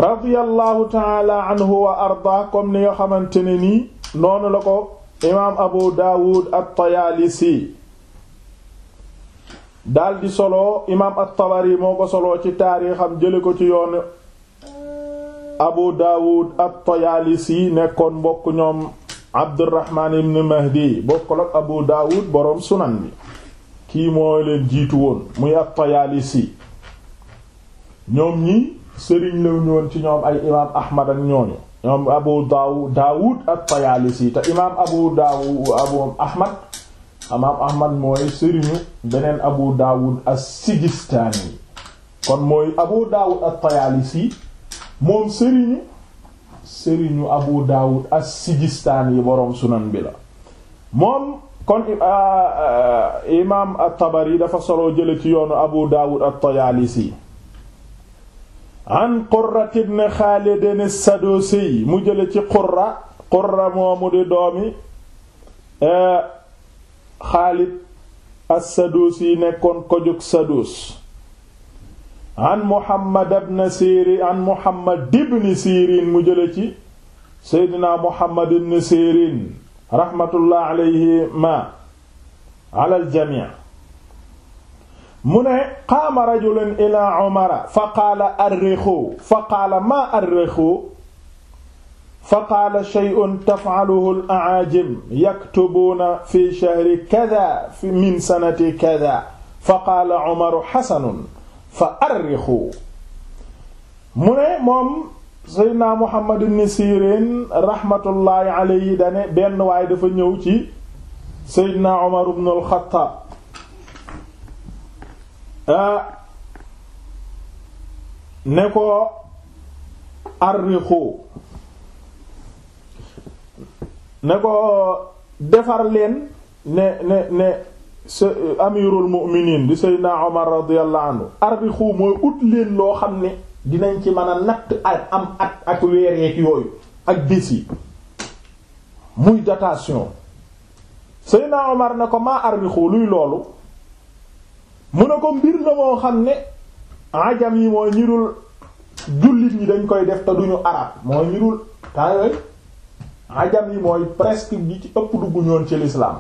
radiyallahu ta'ala anhu wa arda comme ni nga xamante ne nii noonu la ko imaam abu daawud at-tayaalisi daldi solo imaam at-tabari moo ko solo ci taarixam jële ko ci yoon abu daawud at-tayaalisi nekkoon mbokk ñoom abdurrahmaan ibn mahdi bokkul ak abu daawud boroom sunan bi kii mooy leen jiitu woon muy at-tayaalisi ñoom ñi sëriñ la woon ci ñoom ay imaam ahmad ak ñooñu ñoom abu daw daawud ak tayaalisi te imaam abu daawud abu ahmad imaam ahmad mooy sëriñu beneen abu daawud as-sijistaani kon mooy abu daawud at-tayaalisi moom sëriñu sëriñu abu daawud as-sijistaani boroom sunan bi moom kon ah, ah, imaam at dafa solo jële ci yoonu abu daawud at an qurrat ibn xaalid as mu jële ci qurra qurra moomu eh, nekkoon ko jóg sadus an mu jële ci seydina muhammad ibn sirin rahmatullah alayhi ala al jami' mu ne qaama rajulun ila umara fa qaala arrixu fa qaala maa arrixu fa qaala shay'un taf'aluhu al-a'aajim yaktubuuna fi shahri kaza min sanati kaza fa qaala umaru xasanun fa arrixu mu ne moom seydna muhammad ibn sirin raxmatullaahi alayhi dane benn waay dafa ñëw ci seydna umar ibn al-xattaab ne ko arrixu ne ko defar leen ne ne ne sa amirul mu'minin di seydna omar radiyallahu anhu arrixu mooy ut leen loo xam ne dinañ ci mën a natt ak am at ak weereek yooyu ak bis yi muy datation seydna omar ne ko maa arrixu luy loolu mu ne ko mbir la moo xam ne ajam yi mooy ñi jullit ñi dañ koy def te duñu arab mooy ñi dul ajam yi mooy presque ñi ci ëpp dugg ñoon ci l'islam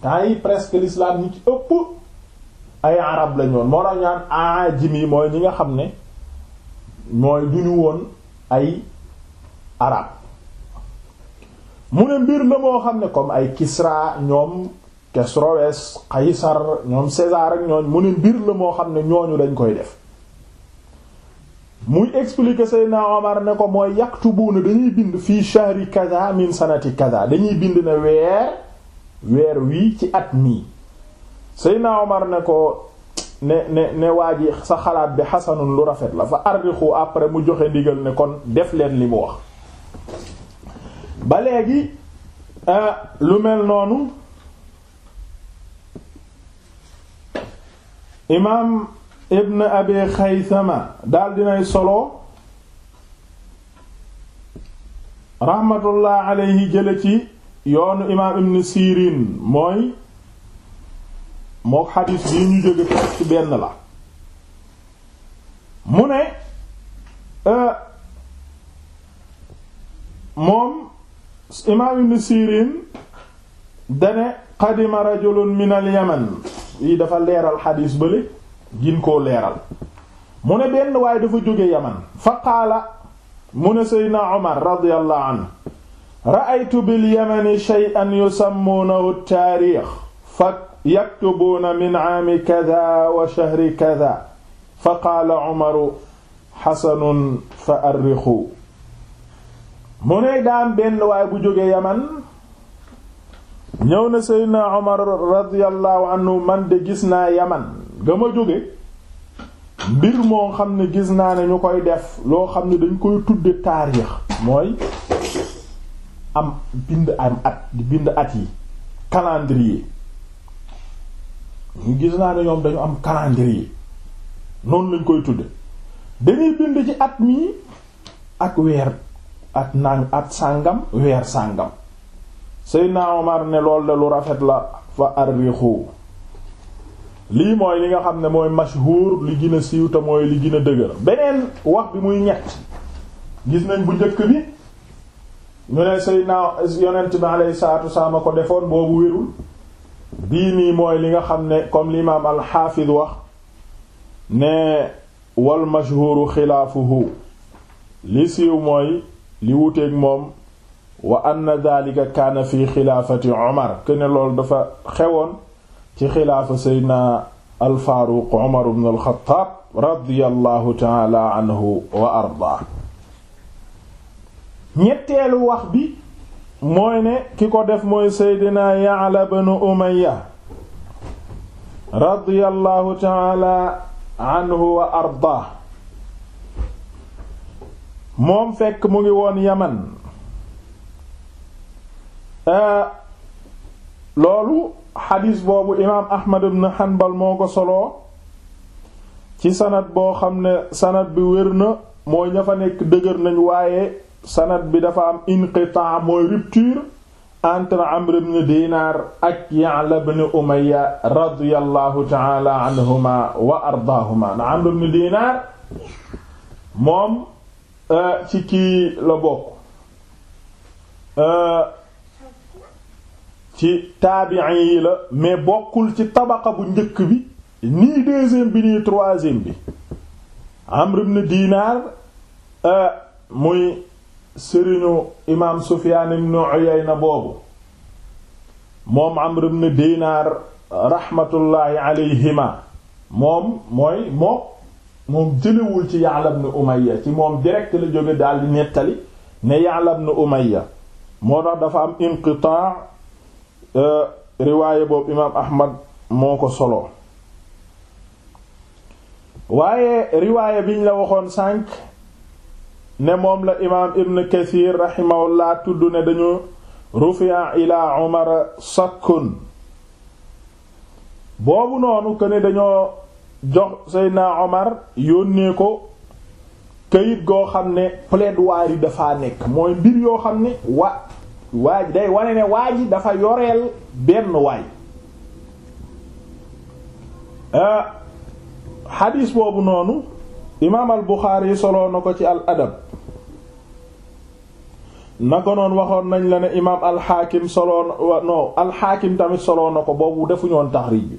temps presque l'islam ñi ci ëpp ay arab la moo tax ñaan ajim mooy ñi nga xam ne mooy duñu woon ay arab mu ne mbir la moo xam ne comme ay Kisra ñoom Khosroès Qaysar ñoom César ak ñooñ mu ne mbir la moo xam ne ñooñu dañ koy def muy expliquer Seydina Omar ne ko mooy yaktubuuna dañuy bind fii shahri kaza min sanati kaza dañuy bind ne weer weer wii ci at mii Seydina Omar ne ko ne ne ne waa ji sa xalaat bi xasanun lu rafet la fa arrixu après mu joxe ndigal ne kon def leen li mu wax ba léegi euh, lu mel noonu imaam ibn abi xaysama daal dinay solo raxmatullah alayhi jële ci yoonu imaam ibn sirin mooy mook xadiis bi ñu jóge ci benn la mu ne euh, moom imaam ibn sirin dane qadima rajulun min al yaman yi dafa leeral xadiis bële gin koo leeral mu ne benn waaye dafa jóge yaman fa qaala mu ne seydna omar radiyallahu anhu ra'aytu bil yamani shay'an yusammunahu taarix fa yaktubuuna min aami kada wa shahri kada fa qaala omaru xasanun fa arrixu mu ne daam benn waaye bu jóge yaman ñëw na seydna omar radiyallahu anhu man de gis naa yaman ga ma jóge mbir moo xam ne gis naa ne ñu koy def loo xam ne dañ koy tudde taarix mooy am bind am at bind at yi calendrier ñu gis naa ne ñoom dañu am yi noonu lañ koy tudde dañuy bind ci at mii ak weer at nang at sàngam weer sàngam Seydina Omar ne lool de lu rafet la fa arrixu lii mooy li nga xam ne mooy mashhur li gën a siiw te mooy li gën a dëgër beneen wax bi muy ñett gis nañ bu njëkk bi ñu ne Seydina yonent bi alayhi salaatu wasalaam a ko defoon boobu wérul bii nii mooy li nga xam ne comme l'imam al-Hafiz wax ne wal mashhuru xilaafuhu li siiw mooy li wuteeg moom wa anna dhalika kaana fi xilaafati omar kene loolu dafa xewoon ci xilaafa seydna alfaaruq omar ibn alxataab radiyallahu taala anhu wa arda ñetteelu wax bi mooy ne ki ko def mooy seydna ya'la ibn umayya radiyallahu taala anhu wa arda moom fekk mu ngi woon yaman Euh, loolu xadis boobu imaam Ahmad ibn Hanbal moo ko solo ci sanad boo xam ne sanad bi wër na mooy ña fa nekk dëgër nañ waaye sanad bi dafa am inqitaa mooy rupture entre Amr ibn Dinar ak Ya'la ibn Umayya radiyallahu ta'ala anhuma wa ardaahuma na Amr ibn Dinar moom euh, ci kii la bokk euh, ci taabiin yi la mais bokkul ci tabaqa bu njëkk bi nii deuxième bi nii troisième bi Amr ibn Dinar euh, muy sëriñu imaam Sufyaan ibn Uyayna boobu moom Amr ibn Dinar rahmatullahi alayhima moom mooy moom moom jëlewul ci Ya'la ibn Umayya ci moom direct la jóge daal di nettali ne Ya'la ibn Umayya moo tax dafa Euh, riwaaye boobu imaam ahmad moo ko solo waaye riwaaye biñ la waxoon sànk ne moom la imaam ibn kathir rahimahullah tudd ne dañu rufi'a ila umar sakkun boobu noonu que ne dañoo jox seydna omar yónnee ko këyit goo xam ne plaidoirie yi dafa nekk mooy mbir yoo xam ne wa waa ji day wane ne waa ji dafa yoreel benn waay ah, xadiis boobu noonu imaam al Buxaari soloo na ko ci al adab na ko noon waxoon nañ la ne imaam alxaakim soloo non alxaakim tamit soloo na ko boobu defu ñoon taxriij bi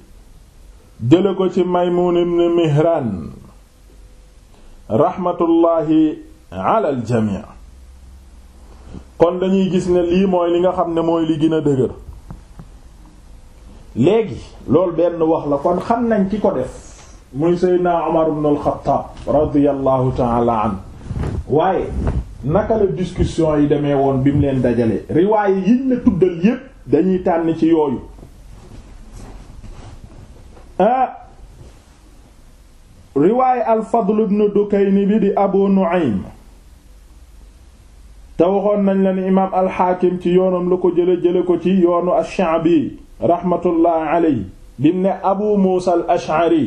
jële ko ci Maymuun ibn Mihraan raxmatullaahi ala jamii kon dañuy gis ne lii mooy li nga xam ne mooy li gën a dëgër léegi loolu benn wax la kon xam nañ ki ko def muy Seydina Omar ibn al-Khattab radiyallahu ta'ala an waaye naka la discussion yi demee woon bi mu leen dajale riwaay yiñ la tuddal yépp dañuy tànn ci yooyu ah riwaay al-Fadl ibn Dukayn bi di Abu Nu'aym te waxoon nañ leen imaam alxaakim ci yoonam la ko jële jële ko ci yoonu ash-Sha'bi rahmatullah aley bim ne abu muusa al ash'ari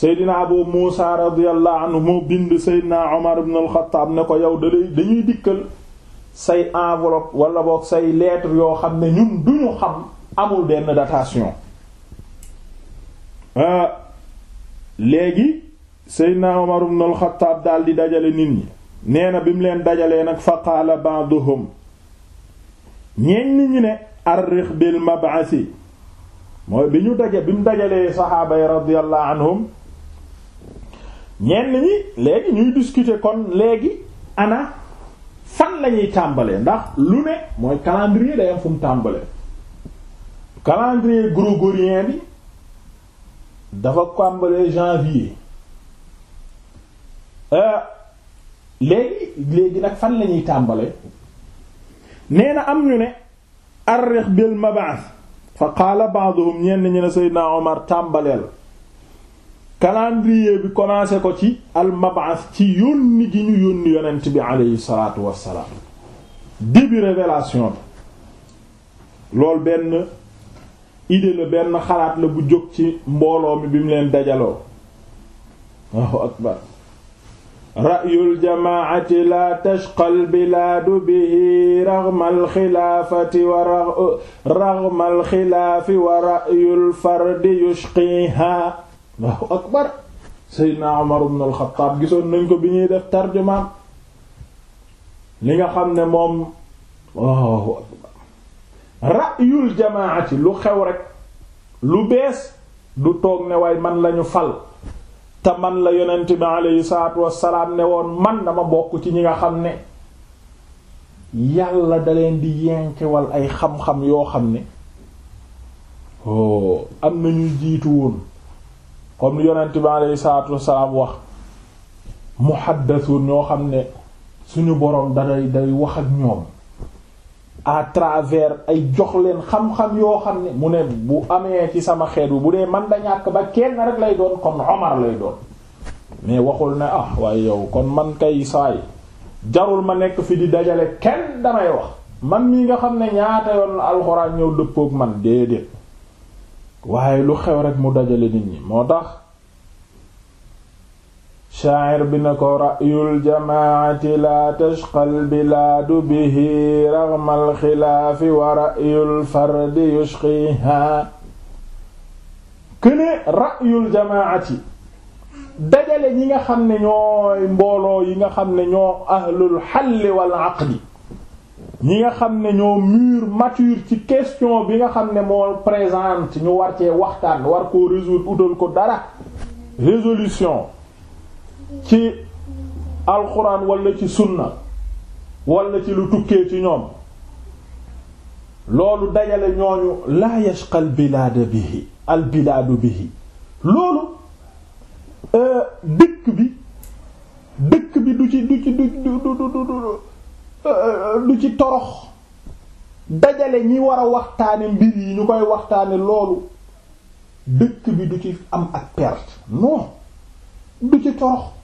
seydina abu muusa radiyallahu anhu moo bind seydina omar ibn al-Khattab ne ko yow dalay dañuy dikkal say enveloppe wala boog say leetre yoo xam ne ñun duñu xam amul benn datation ah, léegi seydina omar ibn al-Khattab daal di dajale nit ñi neena na bi mu leen dajalee nag fa qaala ba'duhum ñenn ñi ne arriq bil mab'asi mooy bi ñu daje bi mu dajalee saxaaba yi radiyallahu anhum ñenn ñi léegi ñuy discuter kon léegi ana fan lañuy tàmbalee ndax lu ne mooy calendrier day am fu mu tàmbalee calendrier grégorien bi dafa tàmbalee janvier euh, léegi léegi nag fan lañuy tàmbale nee na am ñu ne arrix bil mabaas fa qaala ba'dhum ñenn ñu ne Seydina Omar tàmbaleel calendrier bi commencé ko ci almabaas ci yónni gi ñu yónni yonent bi aleyhi salaatu wassalaam début révélation bi lool benn idée la benn xalaat la bu jóg ci mbooloo mi bi mu leen dajaloo ra'yul jamaacati laa tashqal bilaadu bihi raghmal xilaafati wa raghmal xilaafi wa ra'yul Umar ibn al gisoon nañ ko bi ñuy def tarjumaan li nga xam ne moom Allahu akbar lu xew rek lu bees du toog ne waaye man lañu fal te man la yonent bi aleyhi salaatu wassalaam ne woon man dama bokk ci ñi nga xam ne yàlla da leen di yenkewal ay xam-xam yoo xam ne oh, am na ñuy jiitu woon comme yonent bi aleyhi salaatu wassalaam wax muhaddathun ñoo xam ne suñu boroom da day day wax ak ñoom à travers ay jox leen xam-xam yoo xam ne mu ne bu amee ci sama xeet bi bu dee man da ñàkk ba kenn rek lay doon kon Omar lay doon mais waxul ne ah waaye yow kon man kay saay jarul ma nekk fi di dajale kenn damay wax man mii nga xam ne ñaata yoon la alxuraan ñëw dëppook man déedéet waaye lu xew rek mu dajale nit ñi moo tax shaacir bi na ko ra'yul jamaacati laa tashqal bilaadu bihi raghmal xilaafi wa ra'yul fardi yushqiha këne ra'yul jamaacati dajale ñi nga xam ne ñooy mbooloo yi nga xam ne ñoo ahlul xalli wal aqdi ñi nga xam ne ñoo mûr mature ci question bi nga xam ne moo présente ñu war waxtaan war koo résoudre utal ko dara résolution ci alxuraan wala ci sunna wala ci lu tukkee ci ñoom loolu dajale ñooñu laa yashqa al bi bihi al bilaadu bihi loolu euh, dëkk bi dëkk bi du ci du ci du du du euh, du ci torox dajale ñi war a waxtaane mbir yi ñu koy waxtaane loolu dëkk bi du ci am ak perte non du ci torox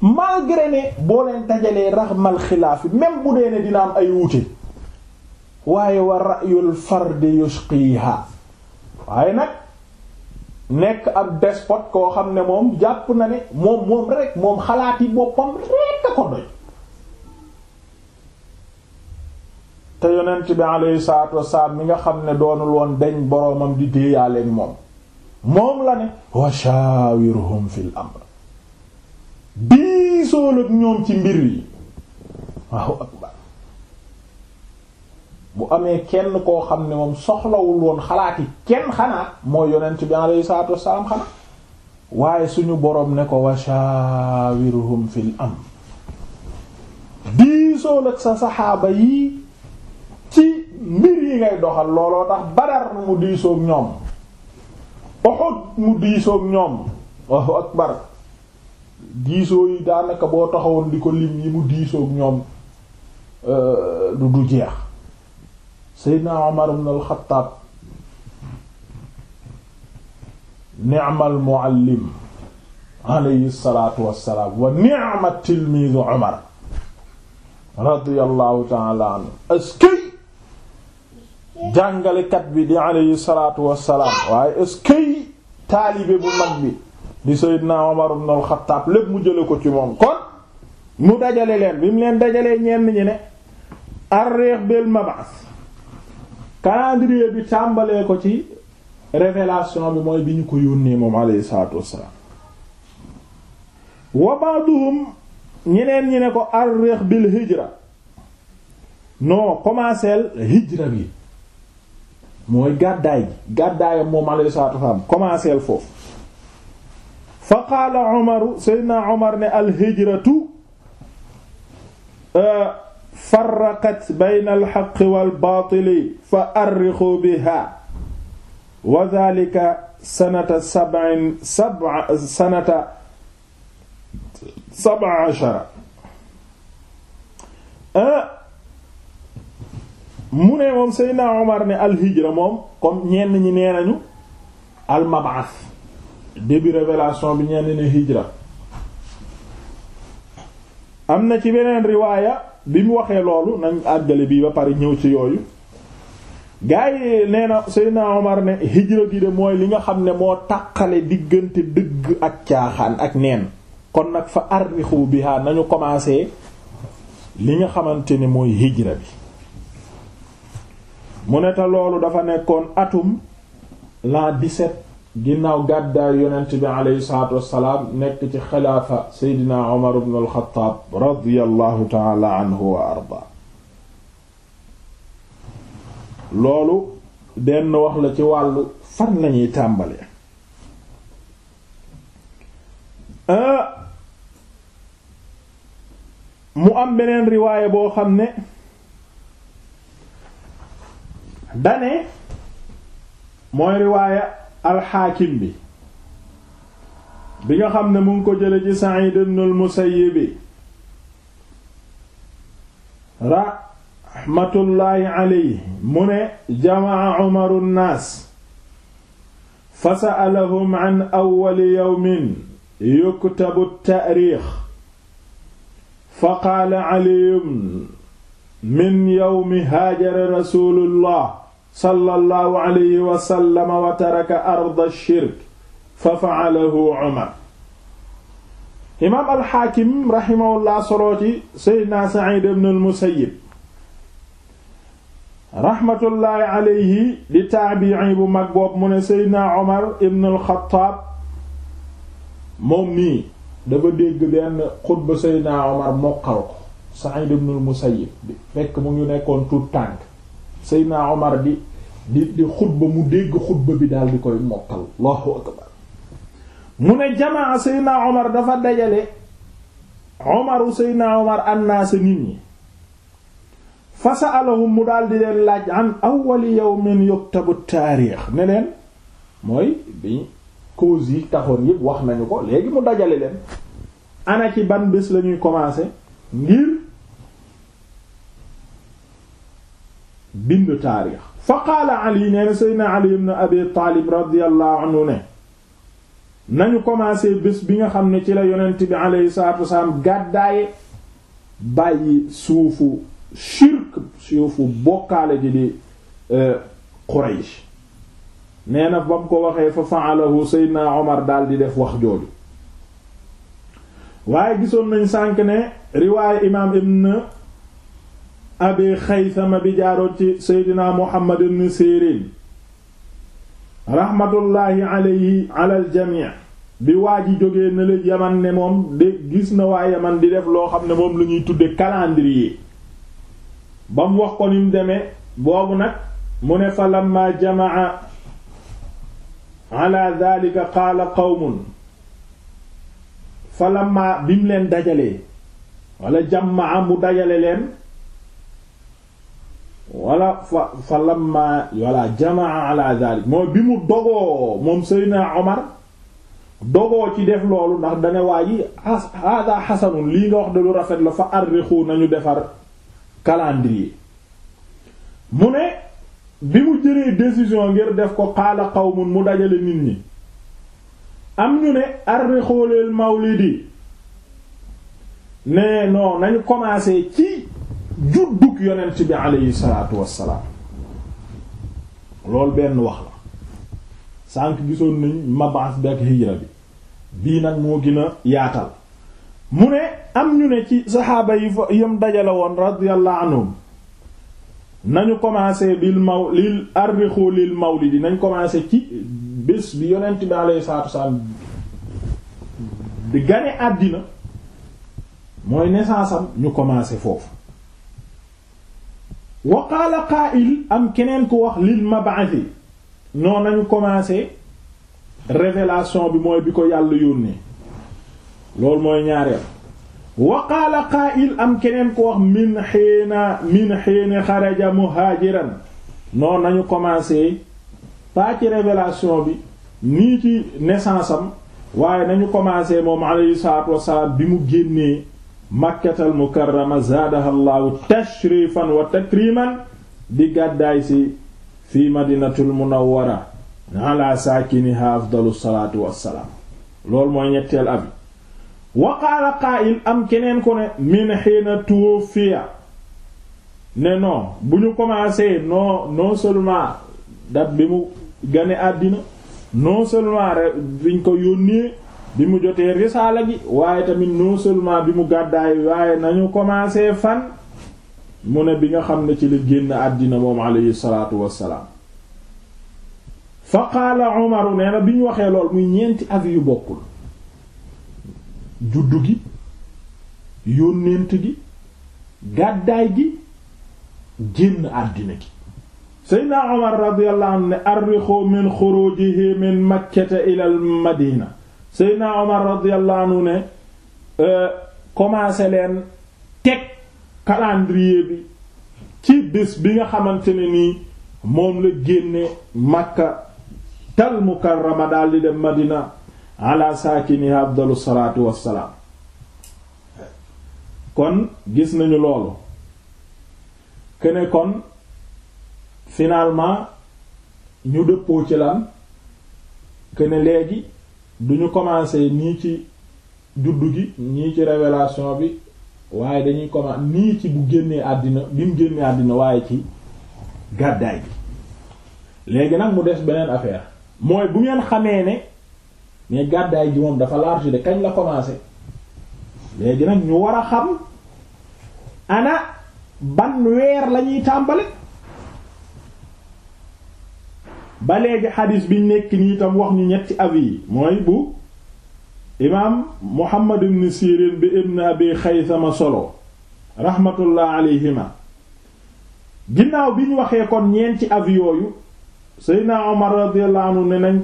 malgré ne boo leen dajalee raxmal xilaaf yi même bu dee ne dina am ay wuute waaye wa ra'yul fard yushqiha waaye nag nekk ab despot koo xam ne moom jàpp na ne moom moom rek moom xalaat yi boppam rekk a doy te yonent bi alayhi salaatu wasalaam mi nga xam ne doonul woon deñ boroomam di déeyaaleen moom moom la ne wa fil amr diisool ak ñoom ci mbir yi waaw akbar bu amee kenn koo xam ne moom soxlawul woon yi kenn xanaa mooy yonent bi alayhi salaatu wassalaam xanaa waaye suñu boroom ne ko washaawiruhum fil am diisool ak sa saxaaba yi ci mbir yi ngay doxal looloo tax Badar mu diisoog ñoom Uhud mu diisoog ñoom waaw akbar diisoo yi daanaka boo taxawoon di ko lim yi mu diisoog ñoom euh, du du jeex Seydina Omar ibn al-Khattab ni'mal muallim alayhi salaatu wassalaam wa ni'ma tilmiidu Omar radiyallahu ta'ala anhu eskey jàngalekat bi di alayhi salaatu wassalaam waaye eskey taalibe bu mag bi di Seydina Omar ibn al-Khattab lépp mu jële ko ci moom kon mu dajale leen bi mu leen dajalee ñenn ñi ne ar-rih bil mab'as bi tàmbalee ko ci révélation bi mooy bi ñu ko yónnee moom alayhi wassalaam wa ba'duhum ñeneen ñi ne ko ar-rih bil hijra non commenceel hijra bi mooy gàddaay gi gàddaayam moom alayhi wassalaam commenceel foofu fa qaala Umaru Seydina Umar ne alhijratu euh, farraqat bayna alxaqi walbaatili fa arrixu biha wa dhalika sanata sab'in sab'a sanata sab'a ashara euh, mu ne moom Seydina Umar ne alhijra moom comme ñenn ñi nee nañu almabaas début révélation bi ñenn ne hijra am na ci beneen riwaaya bi mu waxee loolu nañ àggale bi ba pare ñëw ci yooyu gars yi nee na Seydina Omar ne hijra gi de mooy li nga xam ne moo taqale diggante dëgg ak caaxaan ak neen kon nag fa arrixu biha nañu commencé li nga xamante ni mooy hijra bi mu ne te loolu dafa nekkoon atum l'an 17 ginnaaw gàddaay yonent bi aleyhi salaatu nekk ci xilaafa seydina omar ibn alxataab radiallahu taala anhu wa ah, mu am beneen riwaaye boo xam ne dane mooy riwaaya alxaakim bi bi nga xam ne mu ngi ko jële ci Sa'id ibn al-Musayyib raxmatullaahi alayhi mu ne jamaa Umaru nnaas fa sa'alahum an awwali yawmin yuktabu taariix fa qaala aliyun min yawmi haajara rasuulullah sallallahu alayhi wa sallam wa taraka arda shirk fa fa'alahu Umar imaam alxaakim raximahullah soloo ci seydna Sa'id ibn al-Musayyib raxmatullaahi alayhi di taabi'i bu mag boobu mu ne seydna Umar ibn al-Xattaab moom nii dafa dégg benn xutba seydna Umar mokkal ko Sa'id ibn al-Musayyib fekk mu ngi nekkoon tuut tànk Seydina Omar di di di xutba mu dégg xutba bi daal di koy mokkal Allahu akbar mu ne jamaa Seydina Omar dafa dajale Omaru Seydina Omar annaasa nit ñi fa sa'alahum mu daal di leen laaj an awwali yawmin yuktabu taarix ne leen mooy bi cause yi taxoon yépp wax nañu ko léegi mu dajale leen ana ban bés la ñuy commencer ngir bind taarix fa qaala ali nee na seydna ali ibn abi taalib radiallahu anhu ne nañu commencé bés bi nga xam ne ci la yonent bi aleyhi salatu wasalaam gàddaaye bàyyi suufu shirk suufu bokkaale ji di euh, Quraysh nee na ba ko waxee fa fa'alahu seydna omar daal di def wax jooju waaye gisoon nañ sànk ne riwaaye imaam ibn abi xaysama bi jaaroon ci seydina muhammad ibn sirin raxmatullaahi alayhi alal jamii bi waa ji jóge na la yaman ne moom de gis na waa yaman di def loo xam ne moom la ñuy tudde calendrier ba mu wax ko ni mu demee boobu nag mu ne fa lamma jamaa ala daalika qaala qawmun fa lamma bi mu leen dajalee wala jamaa mu dajale leen wala fa fa lamma wala jamaa ala dalik mooy bi mu dogoo moom Seydina Omar dogoo ci def loolu ndax dane waa ji hada xasanun lii nga wax de rafet la fa arrixu nañu defar calendrier mu ne bi mu jëlee décision ngir def ko qaala qawmun mu dajale nit ñi am ñu ne arrixu lil mawlidi ne non nañu commencé ci juddug yonent bi aleyhi salaatu wassalaam loolu benn wax la sànq gisoon nañ mabaas bi ak hijra bi bii nag moo gina a yaatal mu ne am ñu ne ci saxaaba yi fa yam dajale woon radiyallahu anhum nañu commencé bil maw lil arrixu lil mawlidi nañ commencé ci bés bi yonent bi aleyhi salaatu wassalaam di gane àddina mooy naissance ñu commencé foofu wa qaala qaa'il am keneen ku wax lil mab'athi noonu nañu commencé révélation bi mooy bi ko yàlla yónnee loolu mooy ñaareel wa qaala qaa'il am keneen ku wax min hiina min hiina xaraja muhaajiran nañu commencé pas ci révélation bi nii ci naissance am waaye nañu commencé moom alayhi salaatu wassalaam bi mu génnee makkatal mukarrama zaadaha llaahu tashrifan wa takriman di gàddaay si fi madinatul munawwara ala saakiniha afdalu salaatu wassalaam loolu mooy ñetteel abi wa qaala qaa'il am keneen ko ne min hiina tuwaffiya ne non bu ñu commencé non non seulement bi mu gane àddina non seulement biñ ko yónnee bi mu jotee risaala gi waaye tamit non bi mu gàddaay waaye nañu commencé fan mu ne bi nga xam ne ci la génn àddina moom alayhi salaatu wassalaam fa qaala umaru nee na bi ñu waxee lool muy ñeenti avis yu bokkul juddu gi yónnent gi gàddaay gi génn àddina gi seydna umar radiyallahu ne arrixu min xurujihi min makkata ila madina Seydina Omar radiyallahu anhu ne e, commencé leen teg calendrier bi ci bis bi nga xamante ne nii moom la génne Makka tal mukarrama daal di dem Madina ala saakini afdalu salaatu wassalaam kon gis nañu loolu kene kon finalement ñu dëppoo ci lan kene léegi duñu commencer nii ci juddu gi nii ci révélation bi waaye dañuy commencer nii ci bu génnee àddina bi mu génnee àddina waaye ci gàddaay gi léegi nag mu des beneen affaire mooy bu ngeen xamee ne mais gàddaay gi moom dafa large de kañ la commencer léegi nag ñu war a xam ana ban weer lañuy tàmbali ba léegi xadis bi nekk nii tam wax ñu ñetti avis yi mooy bu imaam Muhammad ibn Sirin bi ibn Abi Xaysama solo rahmatullah alayhima ginnaaw bi ñu waxee kon ñeenti avis yooyu Seydina Omar radiyallahu ne nañ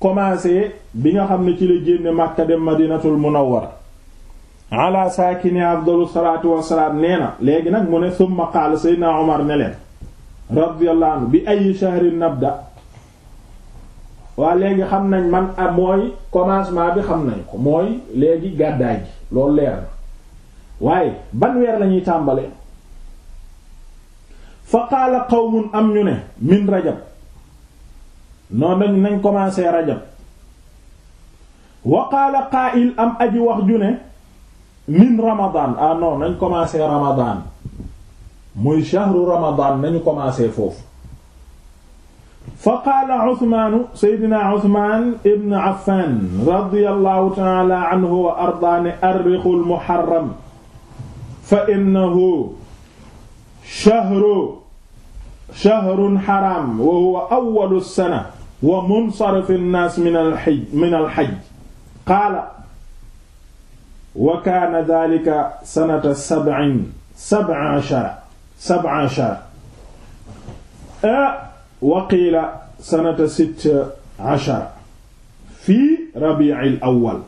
commencé bi nga xam ne ci la génne Makka dem Madinatul Munawwara ala saakini afdalu salaatu wassalaam nee na léegi nag mu ne summa qaala Omar ne leen bi ay shahrin nabda waa léegi xam nañ man a ah, mooy commencement bi xam nañ ko mooy léegi gàddaay gi loolu leer na waaye ban weer lañuy tàmbale fa qaala qawmun am ñu ne min rajab noonu dañ nañ commencé rajab wa qaala qaa'il am aji wax ju ne min ramadan ah non nañ commencé ramadan muy shahru ramadan nañu commencé foofu fa qaala Usmaanu Seydina Usmaan ibn Affaan radiyallahu ta'ala anhu wa ardaa ne arriqul muharram fa innahu shahru shahrun haram wa huwa awwalu sana wa munsarifu nnaas minal hajj minal hajj qaala wa kaana dhaalika sanata sab'in sab'a ashara sab'a ashara ah, waqiila sanata sitta ashara fii rabi'il awwal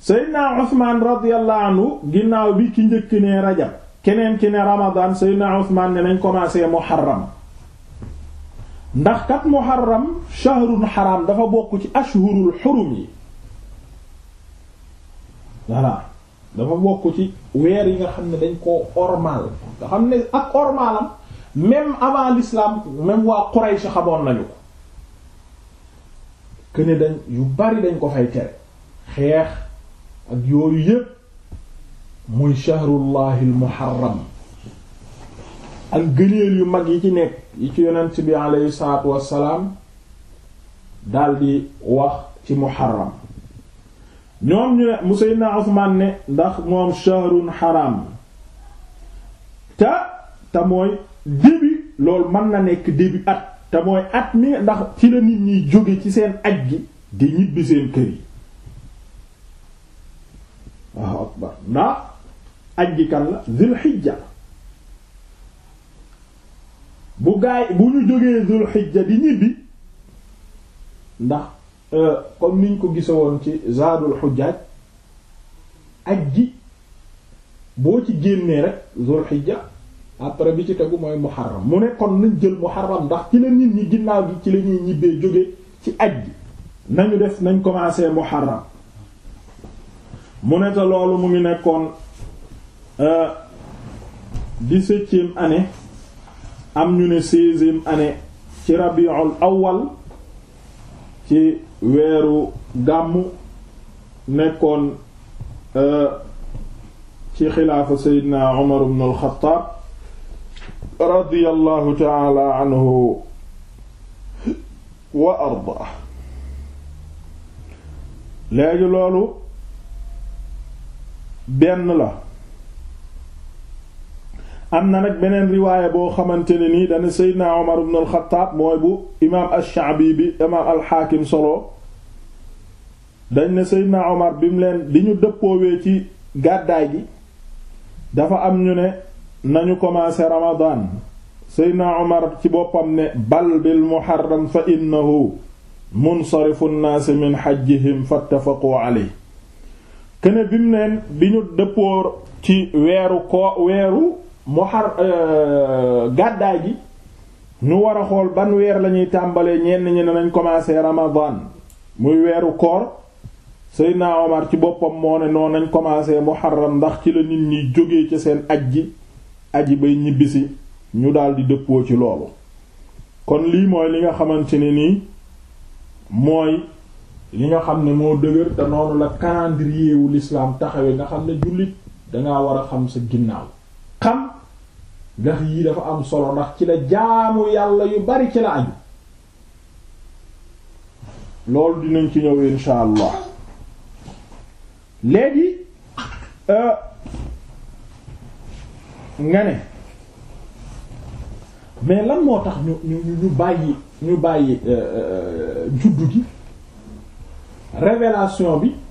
seydna uthman radiyallahu anhu ginnaaw bi ki njëkk ne rajab keneen ki ne ramadan seydna uthman ne nañ commencé muharram ndax kat muharram shahrun haram dafa bokk ci ashhurul xurum yi voilà dafa bokk ci weer yi nga xam ne dañ koo ormal nga xam ne ak ormalam même avant l'islam même waa Quraysh xamoon nañu ko que ne dañ yu bari dañ ko fay tere xeex ak yooyu yépp muy shahrullahi almuharram ak gëneel yu mag yi ci nekk yi ci yonent bi aleyhi salaatu wassalaam daldi wax ci muharram ñoom ñu ne mu seydna Usmaan ne ndax moom shahrun haram te te début lool mën na nekk début at te mooy at mi ndax ci la nit ñiy jóge ci seen aj gi di ñibbi seen kër yi waaw akbar ndax aj la zul bu gaay bu ñu jógee zul di ñibbi ndax euh, comme niñ ko gisewoon ci zaadul xujjaaj aj gi boo ci génnee rek zul xijja après bi ci tegu mooy muharram mu ne kon nañ jël muharram ndax ci la nit ñi ginnaaw gi ci la ñuy ñibbee jóge ci aj gi nañu def nañ commencé muharram mu ne te loolu mu ngi nekkoon euh, di septième année am ñu ne seizième année ci rabiul awwal ci weeru gàmmu nekkoon euh, ci xilaafa seydina Umar ibn al-Khattab radiyallahu taala anhu wa arda léegi loolu benn la am na nag beneen riwaaya boo xamante ne nii dana seydna omar ibn alxataab mooy bu imaam ash-Sha'bi solo dañ ne seydna omar bi mu leen di ñu dëppoowee ci gàddaay gi dafa am ñu ne nañu commencé ramadan seydna omar ci boppam ne bal bil muharram fa innahu munsarifu nnaasi min xajjihim fattafaqu aley kene bimu neen bi ñu dëppoo ci weeru ko weeru muhar euh, gàddaay gi ñu war a xool ban weer lañuy tàmbalee ñenn ñi ne nañ commencé ramadan muy weeru koor seydna omar ci boppam moo ne noonu nañ commencé muharram ndax ci la nit ñi jóge ci seen aj ji aji bay ñibbisi ñu daldi dëppoo ci loolu kon lii mooy li nga xamante ne nii mooy li nga xam ne moo dëgër te noonu la calendrier wu l'islam taxawee nga xam ne jullit dangaa war a xam sa ginnaaw xam ndax yi dafa am solo ndax ci la jaamu yàlla yu bari ci la aju loolu dinañ ci ñëw insha allah léegi euh, nga ne mais lan moo tax ñu ñu ñu bàyyi ñu bàyyi euh, euh, juddu gi révélation bi